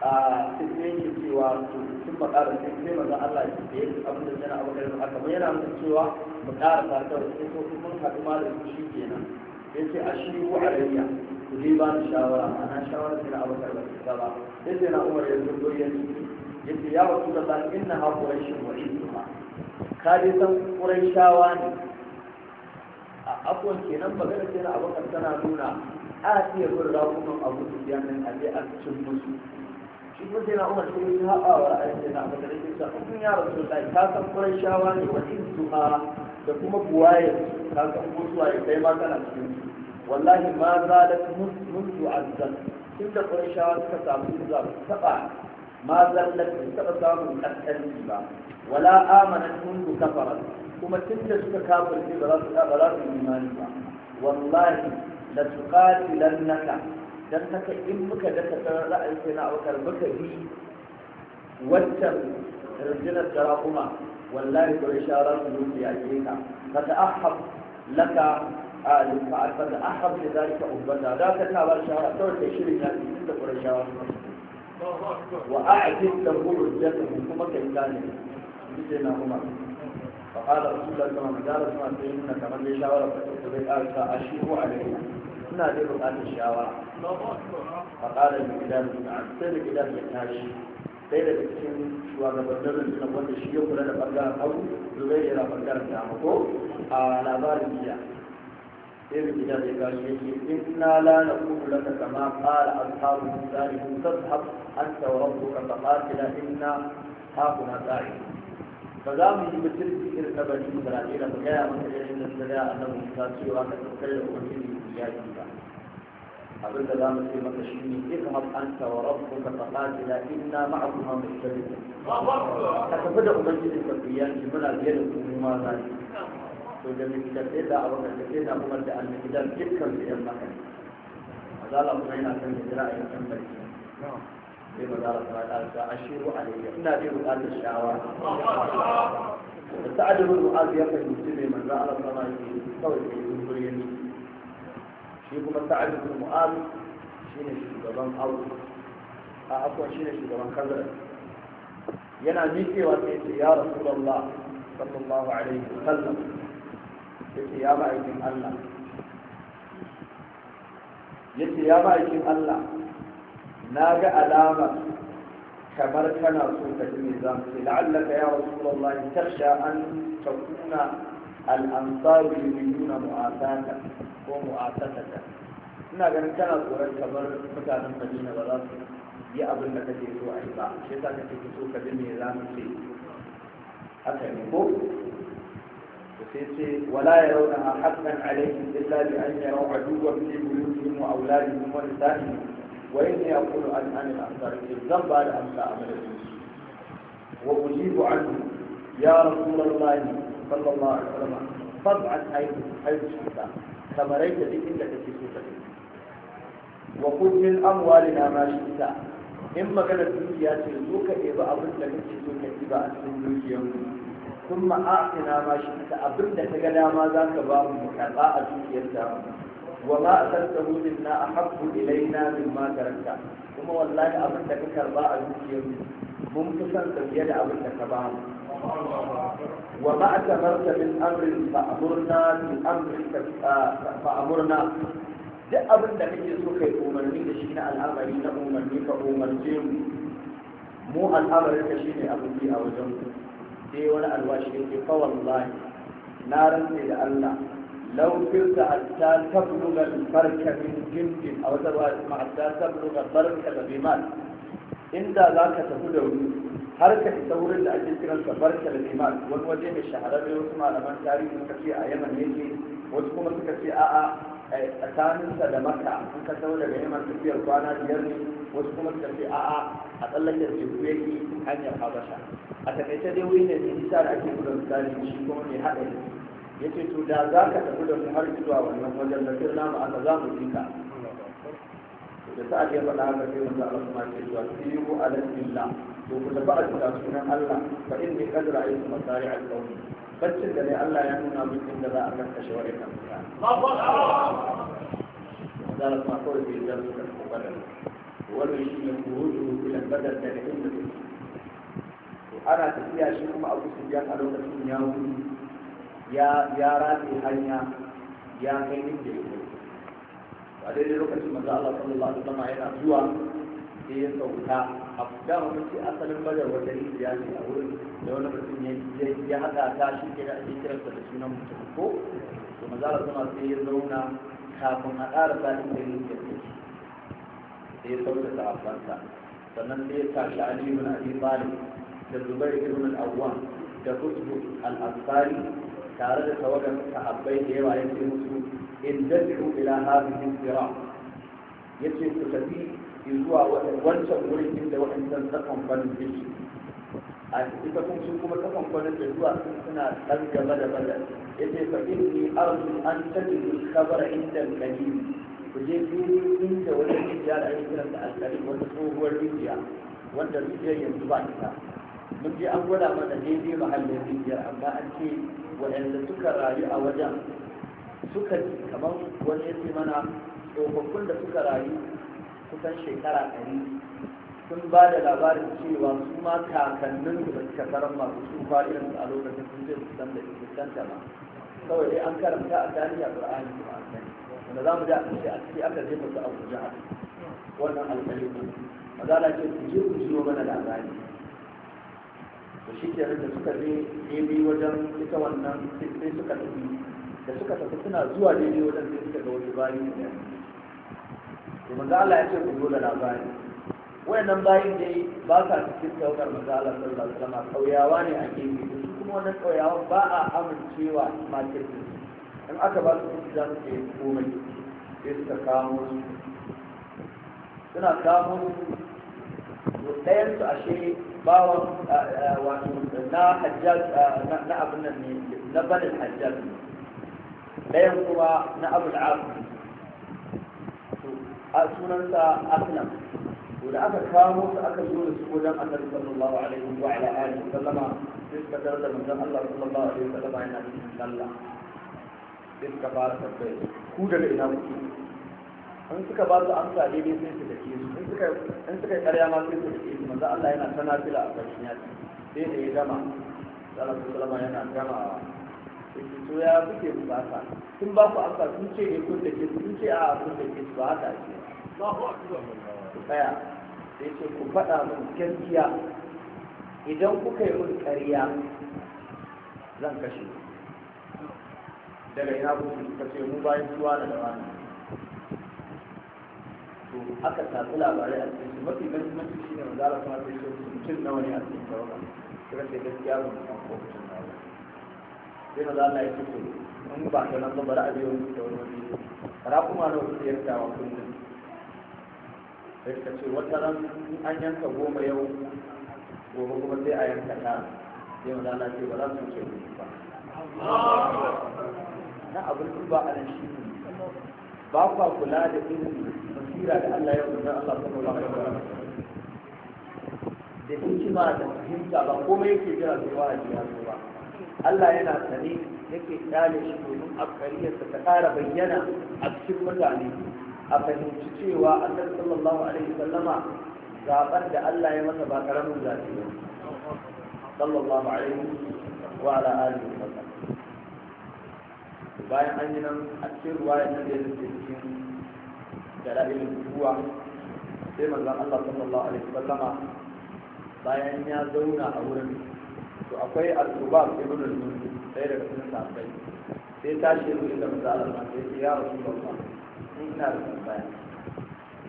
a cikin yake cewa sun makara sai sai maza Allah ya ce yake abin da yana da haka mai yana mutu cewa mu kara fatar sai ko mun haɗu ma da shi kenan ya ce a shi ko alayya ku je ba ni shawara ana shawara sai na abakar ba ta ba ya ce na umar ya zo ya ya ce ya wasu da zan inna ha quraish wa ilma ka dai san quraishawa ne a afwan kenan magana sai na abakar tana nuna a iya bin rakunan abu su biyan nan a je a cin musu shi kuma sai na umar sai ya haɓawa wa ra'ayin sai na abakar ya ce kun ya rasu da ka san quraishawa ne wa ilma da kuma buwaye ka san ko kai ma kana cikin wallahi ma zalat mutu azzan tun da ƙwarshawa suka samu izza ba taɓa ma zallat ba taɓa samun ƙasƙanci ba wala amanat mundu kafarat kuma tun da suka kafirce ba za su ba za su imani ba wallahi la tuqatilannaka dan haka in muka daka sanar ra'ayi sai na abakar muka bi waccan rundunar sarakuma wallahi ko sha za su zo su ka ka ta'ahab laka a lufa ka ta'ahab da zalika ubbata ka ta shawara kawai kai shirin yaƙi cikin da ƙurashawa wa a'jib da hurujjatahum kuma yi gane yake na umar فقال رسول الله صلى الله عليه وسلم سيدنا كمان لي شاورة فقلت لي قال فأشير علينا هنا دي رؤات الشاورة فقال الكتاب سيد الكتاب tashi. ɗaya daga cikin shugabannin rundunar wanda shi ya kula da ɓangaren hagu zubai yana ɓangaren da ko a labarin jiya sai da gida zai gashi yake in na lana kuku laka kama ƙara ashabu musali mun sashab an ko kuka ba ƙasila in na haku na tsari ba za mu yi mutum cikin na bani isra'ila mu gaya maka yanayin da suka gaya nan musa cewa ka tsakar da ubangiji ya yi ba أقول لها دامت في تشيني اذهب أنت وربك فقاتل إنا معكم هم مستجدين حتى بدأ مجلس التقيان جملة بين الأمومة ذلك وجميع كتابة أو كتابة مرد أن كتاب جدا في المكان هذا لأمنا كان يدرى أن كان مجلسين في مدارة الآن فأشير عليه إنا في مقاتل الشعوات تعدل الرؤاد يقف المسلمين من رأى الله في طوله الجمهوريين shi kuma sa'ad ibn mu'az shine shugaban aure a akwai shine shugaban kazara yana miƙewa sai ce ya rasulullah sallallahu alaihi wa sallam sai ce ya ma'aikin Allah yace ya ma'aikin Allah na ga alama kamar kana so ka ji me za mu ce la'allaka ya rasulullah takhsha an takuna al-ansar yuridu mu'asaka ko mu'asata ta ina ganin tana tsoron kamar mutanen madina ba za su yi abin da kake so a yi ba shi yasa kake so ka bi me za mu ce haka ko to wala ya rauna a hakan alaikin illa bi an ya rauna duwar fi buyutin mu auladi mun wani sani wa in ya kulu an ani asar ke zan ba da amsa a madadin su wa ujibu an ya rasulallahi sallallahu alaihi wa sallam fa'at haythu haythu kamarai da duk inda kake so ka tafi wa kun min na ma shi'ta in magana dukiya ce zo ka ba abin da kake so ka ba a cikin dukiyar mu kun na ma shi'ta abin da ka ga dama za ka ba mu karɓa a dukiyar ta wa ma asaltahu minna ahabbu ilaina mimma tarakta kuma wallahi abin da ka karɓa a dukiyar mu mun fi son fiye da abin da ka ba mu وما أتمرت من أمر فأمرنا من أمر فأمرنا duk abin da kake so kai umarni da shi na al'amari na umarni ka umarce mu mu al'amarin ka shine abu bi a wajen sai wani alwashi yake fa wallahi na rantse da Allah law firta hatta tabluga barka da inda zaka tafi da wuri har ka isa wurin da ake kiran sa barka da iman wani waje mai shahararre wasu malaman tarihi suka ce a yaman ne? wasu kuma suka ce a'a a eh, tsakaninsa da maka sun ka sau daga yaman tafiyar kwana biyar ne wasu kuma suka ce a'a a tsallake ya ke hanyar habasha a takaice dai wuri ne ne nisa da ake gudun tarihi shi kuma mai haɗari ya ce to da za ka tafi da mu har zuwa wannan wajen da firna mu aka za mu ka da sa'ad ya faɗa haka sai wanda Allah kuma ke cewa siru ala billah to ku tafi a cikin sunan Allah fa inni qad ra'aytu masari al-qawm baccin da ne Allah ya nuna min inda za a karkashe wa ikan da Allah kuma kawai bai zan suka tafi badar wannan shi ne kuruju ila badar da ne inda to ana tafiya shi kuma Abu Sufyan a lokacin ya ya ya rataye hanya ya kai inda yake a daidai lokacin manzo Allah sallallahu alaihi wasallam yana zuwa sai ya sauka a da mun ce asalin badar wata ya ce a wurin da wani mutum ya ya ta shi ke da ake kiransa da sunan mutum ko to manzo Allah sallallahu alaihi wasallam sai ya zauna kafin a ƙara Sani da rijiya ce sai ya sauka da abbansa sannan sai ya tashi Ali ibn Abi Talib da Zubair ibn al-Awwam da Qutb al-Ansari tare da tawagan sahabbai da yawa yake musu in dadu ila hadhihi sira yace ku tafi zuwa wancan wurin inda wadannan tsakon fanin fishi a ita kun su kuma tsakon fanin da zuwa sun suna dan gaba da bada yace fa inni arju an tajidu khabara inda al-qadim ku je filin da wata rijiya da ake kiransa al-qadim wata tsohuwar rijiya wanda zai yanzu ba ita mun je an gwada mana daidai mahallin rijiyar amma an ce waɗanda suka rayu a wajen suka kamar wani ya mana tsofaffin da suka rayu kusan shekara ɗari sun ba da labarin cewa su ma kakannin su da suka karan masu tsufa su a lokacin sun ce su san da fuskanta ba kawai dai an karanta a tarihi a qur'ani ba a sani wanda za mu ji a cikin a ciki aka je musu wajen wannan maza na ce ku je ku jiyo mana labari da shi ke da suka je daidai wajen ita wannan sai suka tafi da suka tafi suna zuwa daidai wajen sai suka ga wani bayi ne to manzo Allah ya ce ku zo da labari wayannan bayin dai ba sa cikin saukar manzo Allah sallallahu alaihi wasallam kauyawa ne a gefe su kuma wannan kauyawa ba a amincewa matar su in aka ba su kuɗi za su ce komai sai suka kamo su suna kamo su ɗayan su ashe bawan wato na hajjaj na abin nan ne na banin hajjaj ɗayan kuma na abul abu a sunansa aslam to da aka kawo su aka zo da su wajen annabi sallallahu alaihi wa ala alihi wa sallama sai suka tarar da manzon Allah sallallahu alaihi wa sallama yana cikin sallah sai suka fara tabbai ku daga ina kuke in suka ba su amsa daidai sai su dake su in suka in suka yi karya ma sai su rike manzo Allah yana ta nafila a ƙarshen yaki sai da ya gama sallallahu alaihi wasallam yana gamawa sai to ya kuke bukata sun ba ku amsa sun ce ne kun da ke sun ce a kun da ke ba haka ce ku tsaya sai ce ku faɗa mun gaskiya idan kuka yi mun karya zan kashe daga ina ku suka ce mu bayan suwa da wani to aka tafi labarai a cikin su mafi mahimmanci shi ne manzara kuma sai shi mutum na wani a cikin tawaga kira sai gaskiya ba mu san ko mutum nawa sai maza Allah ya fito in ba ka nan ba bari a biyo mutum da wani wani raƙuma nawa suke yankawa kullum sai ka ce wata ran in an yanka goma yau gobe kuma sai a yanka tara sai maza Allah ya ce ba za su ce ba na abin duba a nan shi ne ba kwa kula da irin da Allah ya rubuta Allah da hikima da fahimta ba komai yake jira sai wa ajiya ba Allah yana sane yake kyale shi domin afkariyarsa ta ƙara bayyana a cikin mutane a fahimci cewa Allah sallallahu alaihi sallama zaɓar da Allah ya masa ba ƙaramin zaɓe ba sallallahu alaihi wa ala alihi wa sallam bayan an yi nan a cikin ruwa ya nan da ya cikin da ra'ayin ruwa sai manzon Allah sallallahu alaihi wasallama bayan ya zauna a wurin to akwai al-Ubab ibn al-Munzir sai daga cikin sahabbai sai tashi zuwa da manzon Allah sai ya ya Rasulullah ina da tambaya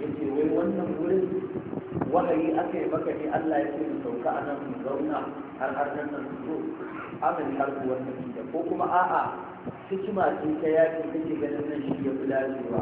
yace wai wannan wurin wahayi aka yi maka ne Allah ya ce mu sauka a nan mu zauna har har nan nan zo amin har ku wannan ko kuma a'a hikima ce ta yaki kake ganin nan shi ya fi dacewa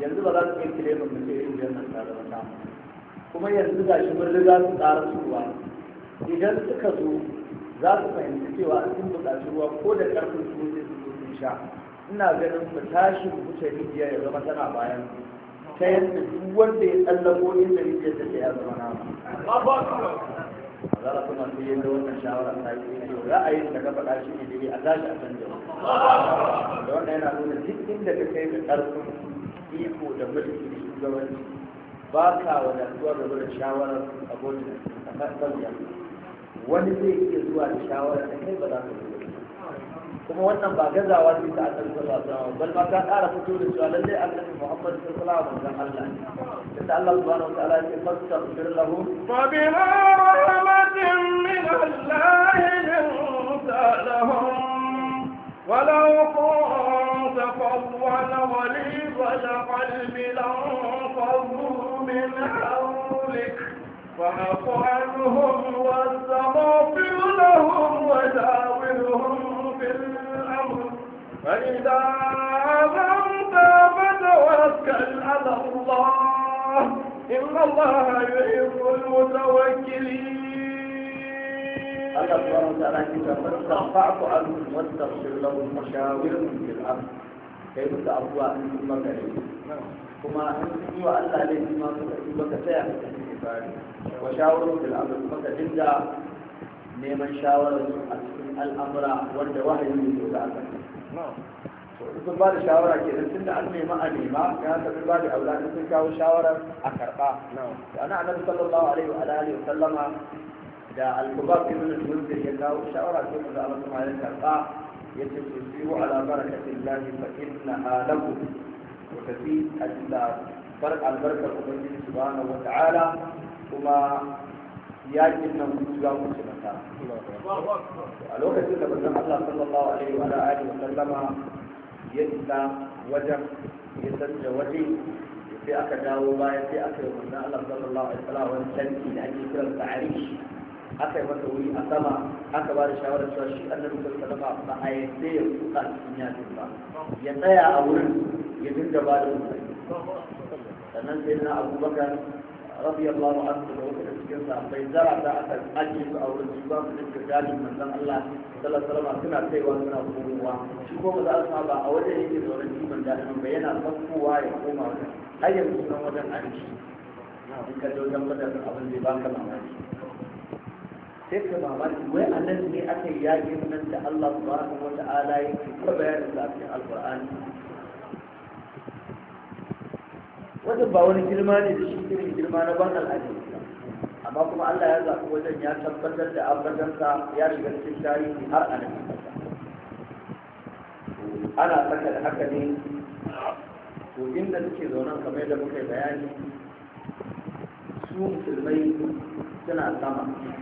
yanzu ba za su kai kire mun da irin wannan tsare ba kuma yanzu ga shi mun riga su tsara su ruwa idan suka zo za su fahimci cewa sun buƙaci ruwa ko da ƙarfin su ne su zo sun sha ina ganin mu tashi mutane wuce rijiya ya zama tana bayan ta yadda duk wanda ya tsallako inda rijiyar ta ce ya zama nama za a kuma su yin da wannan shawara ta yi ne ra'ayin da ka faɗa shi ne dai a tashi a canja da wannan yana nuna duk inda ka kai da ƙarfin iko da mulki da shugabanci ba ka wadatuwa da wurin shawarar abokin a ɓangaren wani zai iya zuwa da shawarar da kai ba za ka zuwa kuma wannan ba gazawa ne ta annabi sallallahu alaihi wasallam bal ma ta ƙara fito da cewa lalle annabi Muhammad sallallahu alaihi wasallam Allah ne da Allah subhanahu wa ta'ala ya fastaghfir lahu fa bima rahmatin min Allah lahum ولو كنت فضلا وليظ القلب لانفضوا من حولك فاعف عنهم واستغفر لهم وجاورهم في الامر فاذا عزمت فتوكل على الله ان الله يحب المتوكلين قال الله تعالى فاسترفعت عنهم واستغفر لهم وشاورهم في الامر kai musu abuwa in sun maka ne kuma in sun yi wa Allah ne su masu ƙarfi baka tsaya ka tafi ne bari wa shawarar da al'amur maka dinga neman shawarar a cikin al'amura wanda wahayi ne ke za a kan sun ba da shawara ke nan tun da an nema a nema ya haka sun ba da aula sun kawo shawarar a karɓa da ana annabi sallallahu alaihi wa alihi wa sallama da alkubab ibn al-munzir ya kawo shawara sai manzo Allah kuma ya karba yace to biyu ala barakatillahi fa innaha lakum ku tafi Allah bar albarkar ubangiji subhanahu wata'ala kuma ya yakin nan kuciya kuci mata a lokacin da manzon Allah sallallahu alaihi wa alihi wa sallama ya isa wajen ya sanya waje sai aka dawo baya sai aka yi wannan Allah sallallahu alaihi wa sallam wani tanki da ake kiransa arish aka yi masa wuri a sama aka ba da shawarar cewa shi annabi sallallahu ba a yi sai ya a cikin yajin ba ya tsaya a wurin ya dinga ba da wuri sannan sai na abubakar radiyallahu anhu da wuri da cikin sa bai zara da aka ajiye su a wurin su ba su dinga gadin manzon Allah sallallahu alaihi wasallam suna kaiwa suna komowa shi ko ba za su ba a wajen yake zaune kiman dadin ba yana sakkowa ya koma wajen har yanzu nan wajen an ci in ka je wajen wajen abin zai baka mamaki sai ka mamaki wai a nan ne aka yi yaƙin nan da Allah subhanahu wa ta'ala ya ke ta bayanin da alƙur'ani wajen ba wani girma ne da shi irin girma na ban al'ajabi amma kuma Allah ya zaɓi wajen ya tabbatar da ambatansa ya shiga cikin tarihi har a nan ana saka da haka ne to inda suke zaunan kamar da muka yi bayani su musulmai suna sama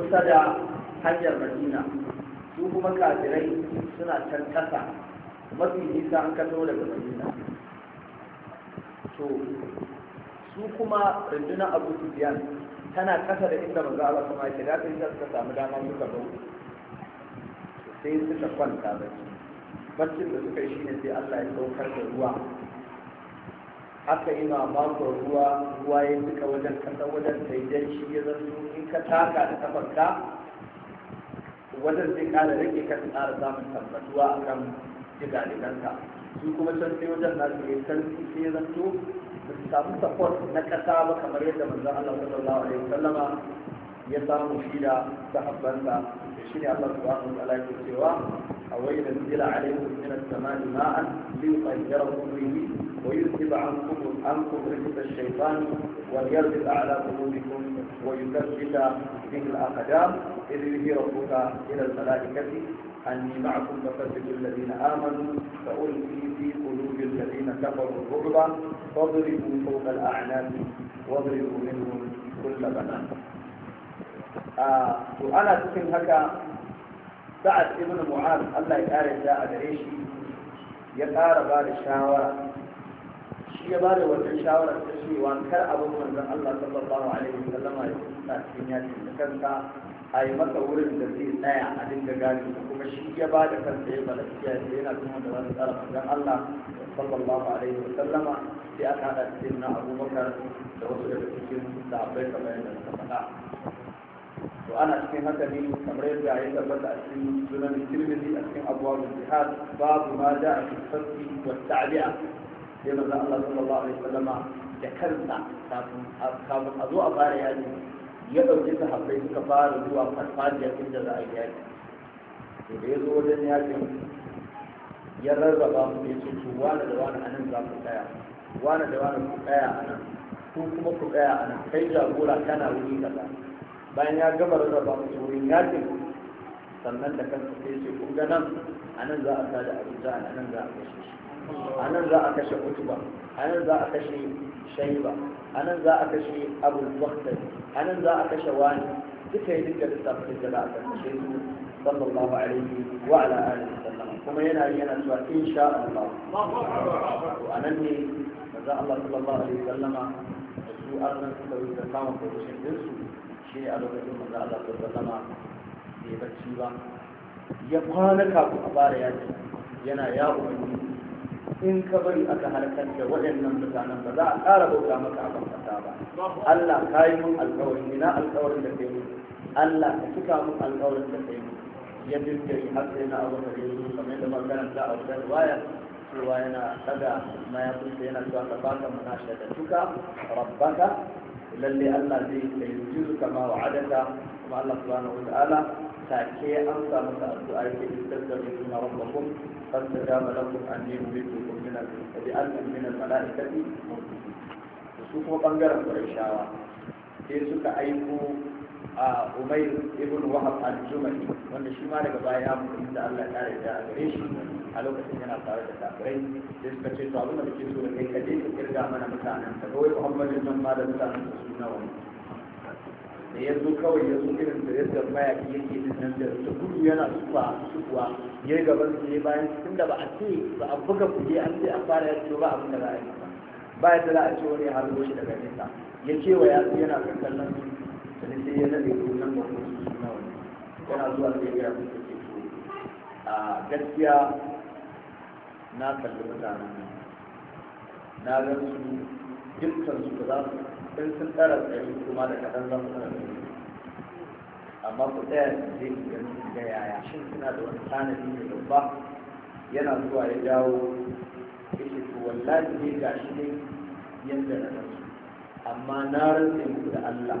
kusa da hanyar madina su kuma kafirai suna can ƙasa mafi nisa an kaso daga madina to su kuma rundunar abu sufiyan tana kasa da inda maza ba kuma ya shiga sai suka samu dama suka zo sai suka kwanta bacci baccin da suka yi ne sai Allah ya saukar da ruwa haka ina mamakon ruwa ruwa ya duka wajen kasa wajen taidan shi ya zarto in ka taka da kafarka wajen zai kada rike ka tsara samun tabbatuwa a kan jigalilanka su kuma can sai wajen na su yi karfi sai ya zarto ba su samu support na kasa ba kamar yadda manzon Allah sallallahu alaihi wasallama ya samu shi da sahabbansa شني الله سبحانه وتعالى في سواه أويل نزل عليكم من السماء ماء ليطهركم به ويذهب عنكم عنكم رجس الشيطان وليربط على قلوبكم ويثبت به الأقدام إذ يجي ربك إلى الملائكة أني معكم فثبت الذين آمنوا فألقي في قلوب الذين كفروا الرعب فاضربوا فوق الأعناق واضربوا منهم كل بنات to ana cikin haka sa'ad ibn mu'az Allah ya kare da a gare shi ya fara ba da shawara shi ya ba da wannan shawara ta cewa kar abin manzon Allah sallallahu alaihi wa sallam ya kusa cikin yakin da kansa a yi masa wurin da zai tsaya a dinga gani kuma shi ya ba da kansa ya balakiya da yana kuma da wani tsara manzon Allah sallallahu alaihi wa sallama sai aka hada cikin na abubakar da wasu daga cikin sahabbai kamar yadda suka faɗa to ana cikin hankali kamar yadda ya tabbata a cikin sunan tirmidhi a cikin abwaab al-jihad babu ma da a cikin fasli wa ta'li'a sai maza Allah sallallahu alaihi wasallam da kansa kafin kafin a zo a fara yaji ya dauki sahabbai suka fara zuwa farfajiyar inda za a yi yaji to da ya zo wajen yakin ya rarraba mu ya ce to wani da wani a nan za ku tsaya wani da wani ku tsaya a nan, ko kuma ku tsaya a nan. kai jagora kana wuri kaza bayan ya da rarraba musu wurin yakin sannan da kansa sai ce kun ga nan a nan za a sa da abuja a nan za a kashe shi a nan za a kashe kutuba a nan za a kashe shaiba a nan za a kashe abul baktar a nan za a kashe wani duka yi duka lissafin da za a kashe su sallallahu alaihi wa ala alihi sallam kuma yana yi yana cewa insha Allah to a nan ne manzo Allah sallallahu alaihi wasallama da su arnan suka da samun position din su shi ne a lokacin manzo Allah sallallahu bacci ba ya kwana kafin a fara yaki yana ya ubangiji in ka bari aka halakar da waɗannan mutanen ba za a ƙara bauta maka a ban ba Allah ka yi mun alƙawarin ina alƙawarin da kai Allah ka cika mun alƙawarin da kai Yadda ya har sai na abu da yanzu kamar yadda makaranta a wajen waya cewa yana daga mayafinsa yana zuwa ka baka mana da tuka rabbaka lalle Allah zai sai yuzu kama wa adada kuma Allah subhanahu wa ta'ala take amsa masa addu'a yake istaghfiru na rabbakum fastajaba lakum anni muridukum min al-kadi an min al-malaikati su kuma bangaren Qurayshawa sai suka aiko a umair ibn wahab al-jumani wanda shi ma daga baya ya mutu da Allah ya kare da gare shi a lokacin yana tare da kafirai da suka ce to abin da kake so da kai ka je ka kirga mana mutanen ka kawai muhammadin nan ma da mutanen su suna wani da yanzu kawai yanzu irin da yadda mayaki yake din nan da su gudu yana sufa sufuwa ya yi su ya bayan tun da ba a ce ba a buga kuɗi an ce an fara ya ba abin da za a yi ba yadda za a ce wani ya harbo shi daga nesa ya ce wa ya yana kan kallon tafi sai ya nade ko nan ba kuma su suna wani yana zuwa sai ya fi take to a gaskiya na kalli mutane, na ga su dukkan su ba. za su in sun tsara tsari kuma da kaɗan za su tsara tsari amma ku tsaya su je ku gani su ga yaya shin suna da wani tanadi mai babba yana zuwa ya jawo ya ce to wallahi ne ga shi ne yadda na nasu amma na rantse muku da Allah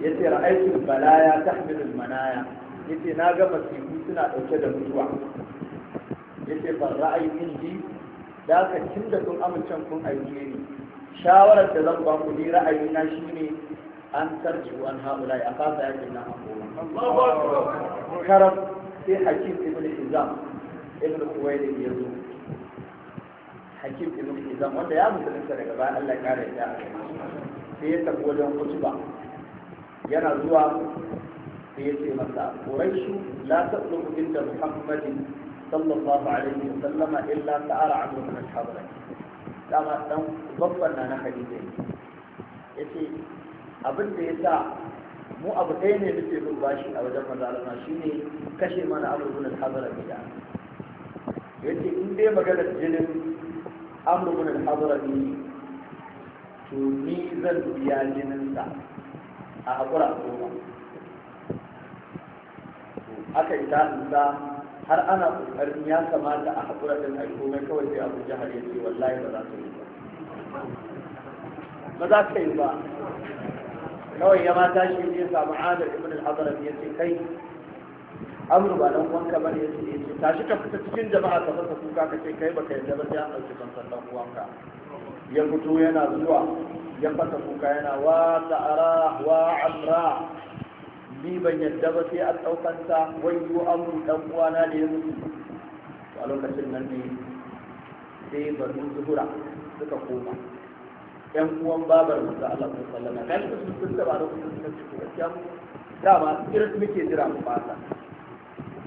ya ce ra'aikin balaya ta hamilin manaya ya na ga masifu suna ɗauke da mutuwa ya ce ban ra'ayi indi da aka cin kun amincan kun aiki ne shawarar da zan ba ku ni ra'ayi na shi ne an tarci an haɓula a fasa yakin na karam sai hakim ibn hizam ibn ya zo hakim ibn izam wanda ya musulunta daga baya allah ya kare ya sai ya tafi wajen kutuba yana zuwa sai ya ce masa quraishu la tasluhu inda muhammadin sallallahu alaihi wa sallama illa ta'ara anhu min na shabarai dama dan babban na na ne ya ce abin da sa mu abu ɗaya ne da ke bin bashi a wajen mazalama shi ne kashe mana na hazara gida ya ce in dai maganar jinin amurgunan hazara ne to ni zan biya jininsa a haƙura a goma aka yi ta'insa har ana ƙoƙarin ya kamata a haƙura din a komai kawai sai abu jihar ya ce wallahi ba za su yi ba ba za ka yi ba kawai ya mata shi ne samu adar ibn al-hadarat ya ce kai amru ba dan wanka ba ne ya ce tashi ka fita cikin jama'a ka fasa kuka ka ce kai baka yarda ba sai an ɗauki fansan ɗan uwanka ya fito yana zuwa ya fata kuka yana wa ta'ara wa amra ni ban yadda ba sai an ɗaukansa wayo amun ɗan uwana da ya mutu a lokacin nan ne sai banu zuhura suka koma yan uwan babar musa Allah ta sallama kai su sun da ba da kuma suka ci gaskiya dama irin muke jira mu fata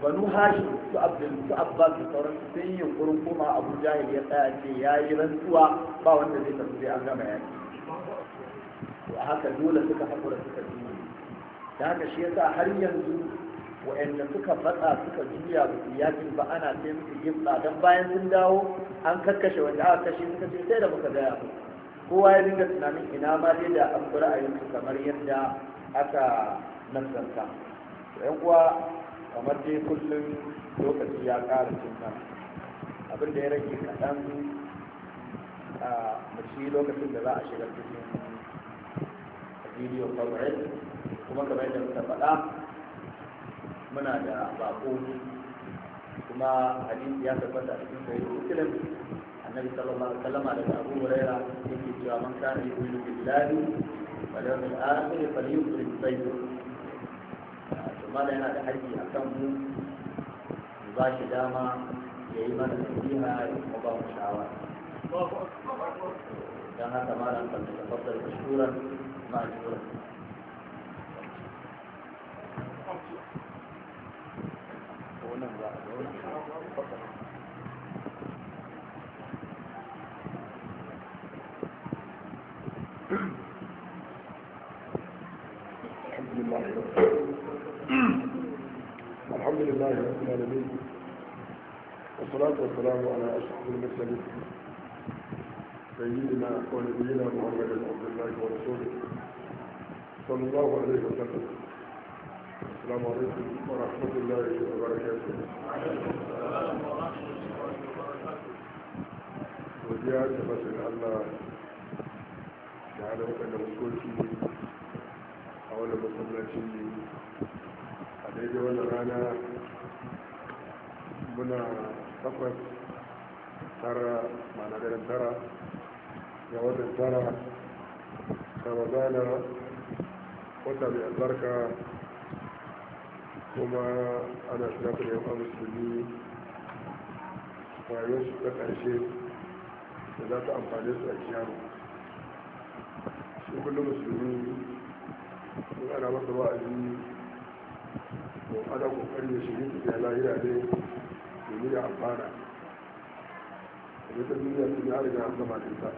banu hashim su abdul su abbas da sauran sun yi yunkurin koma abu jahil ya tsaya ce ya yi rantsuwa ba wanda zai tafi sai an gama yaki to a haka dole suka haƙura suka juya da haka shi yasa har yanzu wa'anda suka matsa suka juya ba su ba ana sai yin gimsa don bayan sun dawo an kakkashe wanda aka kashe suka ce sai da muka gaya ba kowa ya dinga tunanin ina ma dai da abu ra'ayinsu kamar yadda aka nasarta yan kamar dai kullum lokaci ya kara cinta abin da ya rage kaɗan a mace lokacin da za a shiga cikin video kawai kuma kamar yadda muka faɗa muna da bako kuma hadisi ya tabbata a cikin sayi muslim annabi sallallahu alaihi wasallam da Abu huraira yake cewa man kana yu'minu billahi wal yawmil akhir falyukrim sayyidahu mala yana da haƙƙi a kan mu ba shi dama ya yi mana nasiha ya kuma ba mu shawara don haka malam kan tafaddar shuran ma shuran wannan ba العالمين والصلاة والسلام على أشرف المرسلين سيدنا ونبينا محمد عبد الله ورسوله صلى الله عليه وسلم السلام عليكم ورحمة الله وبركاته وعليكم السلام ورحمة الله وبركاته وديعة مثل الله تعالى وكان مسؤولتي شيء أولا masallaci a daidai wani rana muna takwas tara mana garin tara ga watan tara ramadana wata mai albarka kuma ana shirafin yamma musulmi bayan su ta ƙarshe da za ta amfani su a kiyar shi kullum musulmi sun ana masa wa'azi ko ana ƙoƙarin da shirin da lahira ne domin ya amfana a ta duniya sun ya riga an gama ɗinta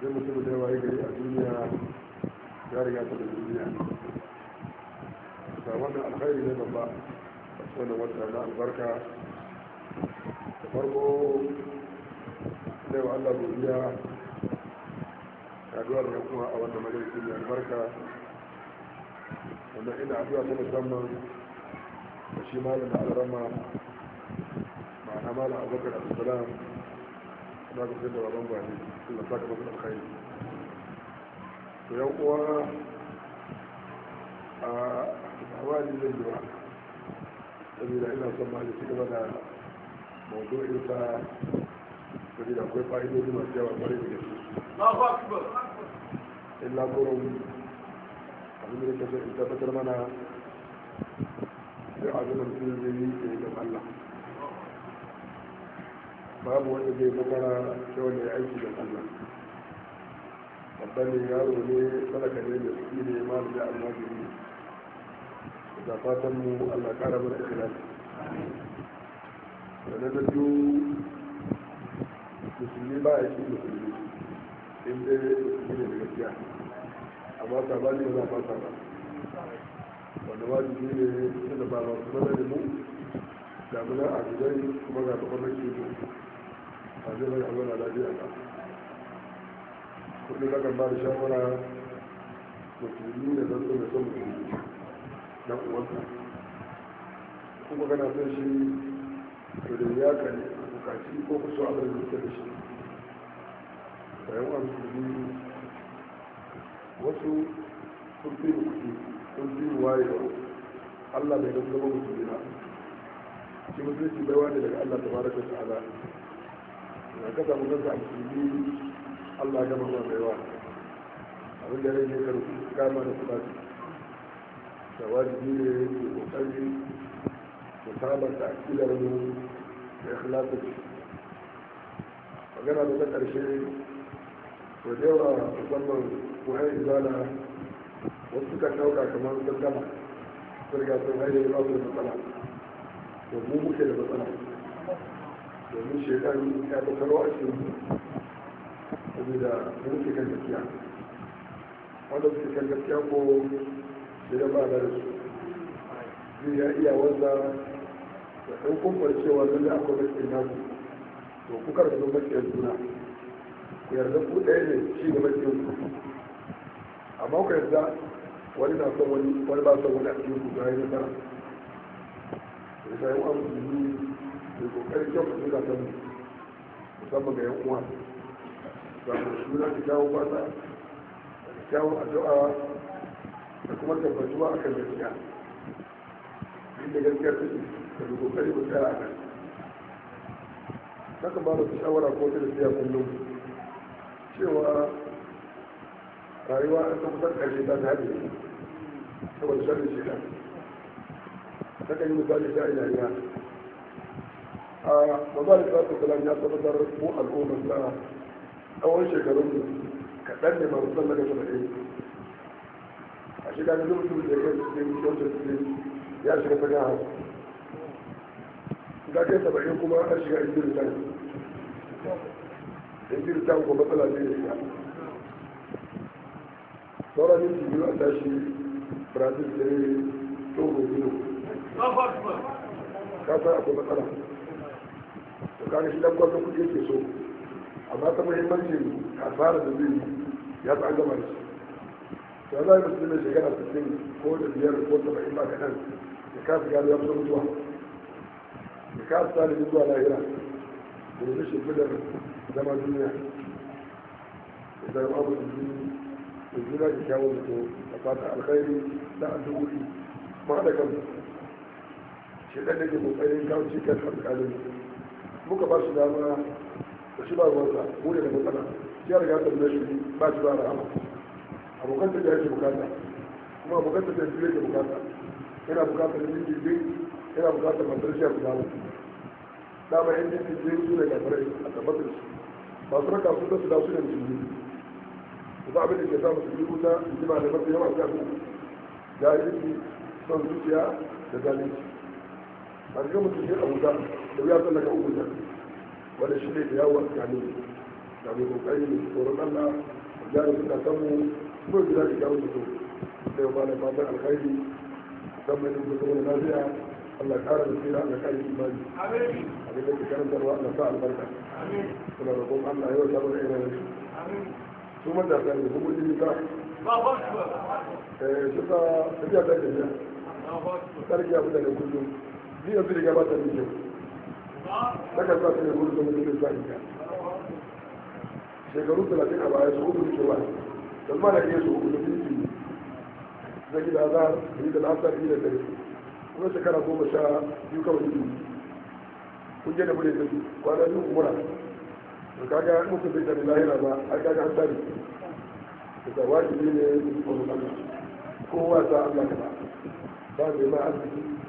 zai mutum da yawa gari a duniya ya riga ta da duniya da wannan alkhairi ne babba a cikin wata na albarka da farko zai wa allah godiya yaduwa da kuma a wannan majalisi mai albarka wanda ina addu'a ta musamman da shi malam da alrama na mala abubakar abdulsalam na ga da rabon bani allah saka masu alkhairi to yan uwa a hawali zai yi ba ina son ma da cigaba da mawdu'in sa saboda akwai fa'idodi masu yawa kwarai da gaske illa kurun abin da ya so in tabbatar mana duk abin da mutum zai yi ke gaban Allah babu wanda zai bakara kyau ne aiki da kuma babban yaro ne sadaka ne da suke ne ma da almajiri ne da fatan mu allah kara mana ikilal da na da biyu musulmi ba a shi musulmi in dai musulmi ne da gaskiya amma sabani ba za a fasa ba wanda wajibi ne da ba masu mana da mu damuna a gidai kuma ga kuma ke ne a zai mai amana lafiya ba kudin lakan ba da shawara mutumi da zan so mai son musulmi na uwanka kuma kana son shi to da ya a bukaci ko kusa so abin da da shi bayan wa mutumi wasu sun fi mutumi sun fi wayewa Allah bai zama mutumi na shi musulunci baiwa ne daga Allah wa ta'ala na kasa mu kanka a musulmi Allah ya mama baiwa abin da rage ka rufu kama da kuma su da wajibi ne ke kokari da sabanta akidar mu da ikhlasu magana da ta karshe to da yawa musamman kuhai izala wasu ka ɗauka kamar sun gama sun ga sun haire ba su da matsala to muke da matsala domin shekaru ya tattaro a cikin saboda mu muke kan gaskiya wanda suke kan gaskiya ko da ba da su zai ya iya wanda da ɗan kumfar cewa zan da akwai gaskiyar naku to kuka karɓi don gaskiyar juna ku yarda ku ɗaya ne shi da gaskiyar ku amma ku yarda wani na son wani wani ba son wani a cikin ku ga yi nasara da yi uwa musulmi da kokarin kyau da ta mu musamman ga yan uwa ku da su za ta kawo fata da kawo addu'a da kuma tabbatuwa a kan gaskiya inda gaskiya take da da kokari mu tsaya a kan Ta ba da shawara ko ta tafiya kullum cewa rayuwa ta kusan ƙarshe ta ta haɗe saboda sharri shekaru takan yi misali da ina ina a mazali ta su kalan ya tabbatar ko al'ummar sa tsawon shekarun kaɗan ne masu san daga saba'in a shi da zuwa da ya kai cikin wancan cikin ya shiga ta gaha ga kai saba'in kuma an shiga injiri tan injiri tan kuma matsala ne da ita sauran yin biyu a tashi brazil da ya togo biyu ka akwai matsala to kaga shi dan kwallon kuɗi yake so amma ta muhimmancin kasara da zai ya fi an gama da shi to za a yi musulmi shekara 60 ko da biyar ko saba'in ba kaɗan da kasa gano ya fi mutuwa da kasa sa da zuwa lahira da yanzu shimfidar zama duniya da zama abu da duniya da juna da kyawun mutu da fata alkhairi da addu'o'i ma da kansu shi da ke kokarin kawo cikin alƙalin muka ba su dama da shi ba ruwansa mu ne da matsala shi ya riga ta da shi ba shi ba rahama abokan tafiya yake bukata kuma abokan tafiya shi yake bukata yana bukatar yin jirgin yana bukatar matar shi a guda mu dama yan jirgin jirgin su ne kafirai a tabbatar su ba su raka su da su da su ne musulmi su ba abin da ke sa musulmi wuta in ji ba da mafi yawa a kan jahilci son zuciya da zalunci a riga mutum sai abuja da ya tsalla ka ubuja wanda shi ne da yawo a tsakani da mai kokari ne tsoron allah a gyara suka samu kuma gida da gyara mutum sai ba da fatan alkhairi don mai dubu saboda lafiya allah kara da tsira allah kare imani abin da ke karantarwa allah sa albarka suna da kuma allah yau ta bada irin su su matasa ne kuma jirita eh suka tafiya ta jirgin sarki abu daga kullum Ni yanzu da gabata da kyau saka sa ta ne gudu da mutum zai ka shekaru talatin a baya su hudu ke wani don ma da ke su hudu da fiti zai gida za a yi da lafiyar yi da dare kuma shekara goma sha biyu kawai yi kun je da bude da su kwana biyu umura to kaga mutum bai tafi lahira ba ai kaga an tabi da wajibi ne ko kowa ta Allah ka ba zai mai ma arziki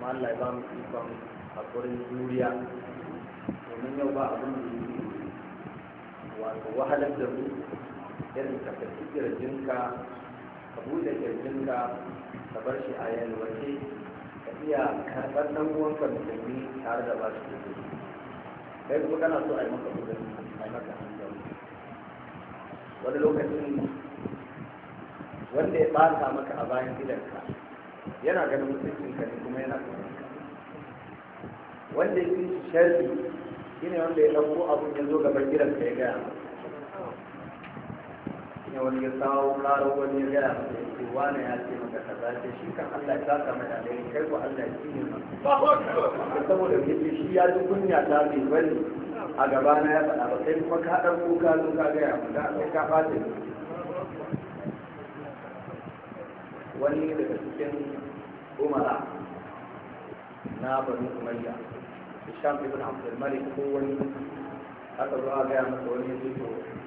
kuma Allah ya ba mu ikon haƙurin juriya domin yau ba abin da yi wato wahalar da mu irin ka tafi kirjinka ka buɗe kirjinka ka bar shi a yalwace ka iya karɓar ɗan uwanka musulmi tare da ba shi kai kuma kana so a yi maka kudin a yi maka wani lokacin wanda ya ɓata maka a bayan gidanka yana ganin mutuncin ka ne kuma yana wanda ya fi shi ne wanda ya ɗauko abin ya zo gaban gidan ka ya gaya ne wani ya kawo ƙaro wani ya gaya masa ya ce wane ya ce maka kaza ce shi kan Allah ya saka mai alheri kai ko Allah ya cinye ma saboda ce shi ya ji kunya ta bai bari a gabana ya faɗa ba sai kuma ka ɗan ka zo ka gaya ba, sai ka ɓata wani daga cikin umara na bani umayya shafi ibn abdul malik ko wani aka zo a gaya masa wani yanzu to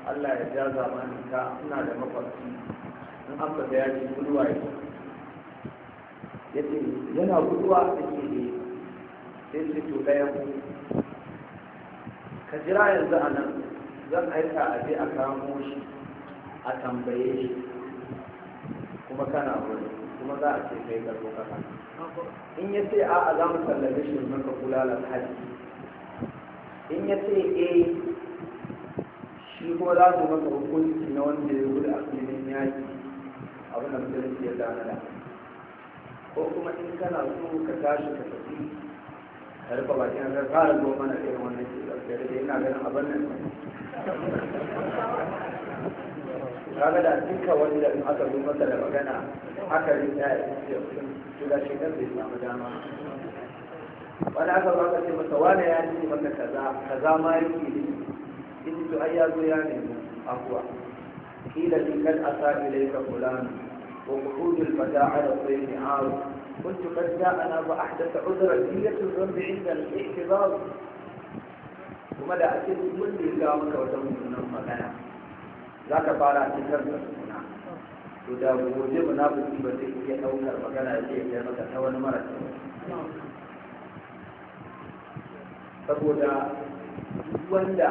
allah ya ja zamanin ka ina da makwabci. in an fata ya ce guduwa ya ya ce yana guduwa da ke ne sai ce to ɗaya ku ka jira yanzu a nan zan aika a je a kamo shi a tambaye shi kuma kana wani kuma za a ce kai ka zo kasa in ya ce a'a za mu sallame shi mun ka kula da hajji in ya ce a eh, shi ko za su maka hukunci na wanda ya gudu a filin yaki abin da mutum ya da ko kuma in kana so ka tashi ka tafi ka rufe baki na zai fara zo mana irin wannan ke da ina ganin abin nan kaga da duka wani da aka zo masa da magana haka ne ya yi su da shi kan zai samu dama wani aka zo aka ce masa wani ya ce masa kaza kaza ma yi ke ne in ji to ya zo ya nemi akuwa kila ni kan asa ilai ka fulani wa kudul fata ala sai ni aro kun ci kan ta ana ba a hadasa uzurar biyatun zambi inda ni ke kuma da ake mun ne ga maka wata mutunan magana za ka fara cikar da suna to da gobe munafiki ba zai iya ɗaukar magana da zai iya maka ta wani mara saboda wanda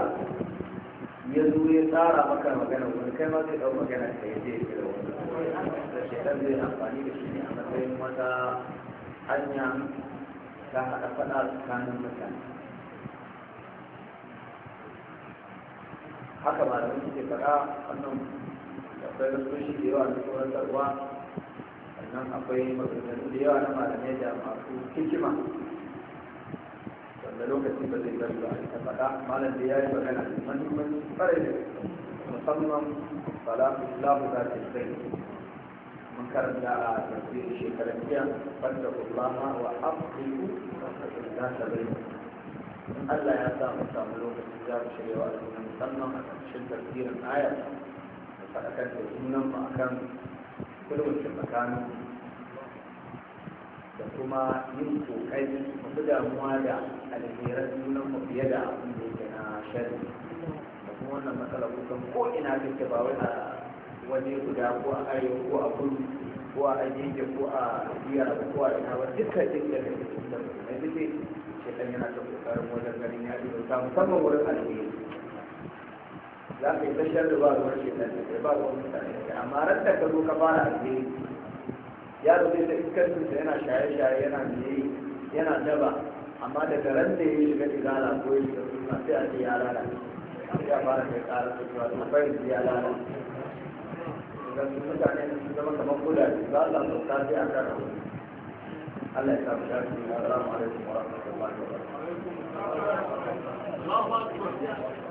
ya zo ya tsara maka magana wani kai ma zai ɗau magana ka ya je ya da shekar zai amfani da shi ne a matsayin wata hanya ta haɗa faɗa tsakanin mutane haka malamai suke faɗa wannan akwai rasoshi da yawa na tarwa sannan akwai maganganu da yawa na malamai da masu hikima wanda lokaci ba zai bari ba a ta faɗa malam da ya yi magana da mahimmanci fara da musamman falafi lafi za ta zai mun karanta a tafiyar shekarar jiya banda kullama wa afkiru za ta zai Allah ya sa mu samu lokaci za mu shirya wa musamman a ƙarshen tafsirin ayar da faɗakar da sunan a kan kulwace tsakanin da kuma yin kokari masu damuwa da alheran sunan mu fiye da abin da yake na shari da kuma wannan matsala kusan ko ina take ba wai a waje guda ko a arewa ko a kudu ko a ajiye ko a biyar ko a ina ba dukkan duk da kake cikin da mai duk shi yana ta kokarin wajen ganin ya ji musamman wurin alheri za ka yi tashar da ba ruwan shekar da ba ruwan mutane amma ran da ka zo ka fara ya yaro zai ta iskancinsa yana shaye-shaye yana biye yana daba amma daga ran da ya shiga izala ko ya shiga suna sai a ce ya lalata ya fara kai ƙara su zuwa da su ya lalata idan su mutane su zama kamar kula da za su ta sai a kan rauni Allah ya sa mu shafi a alaikum wa rahmatullahi wa barakatuh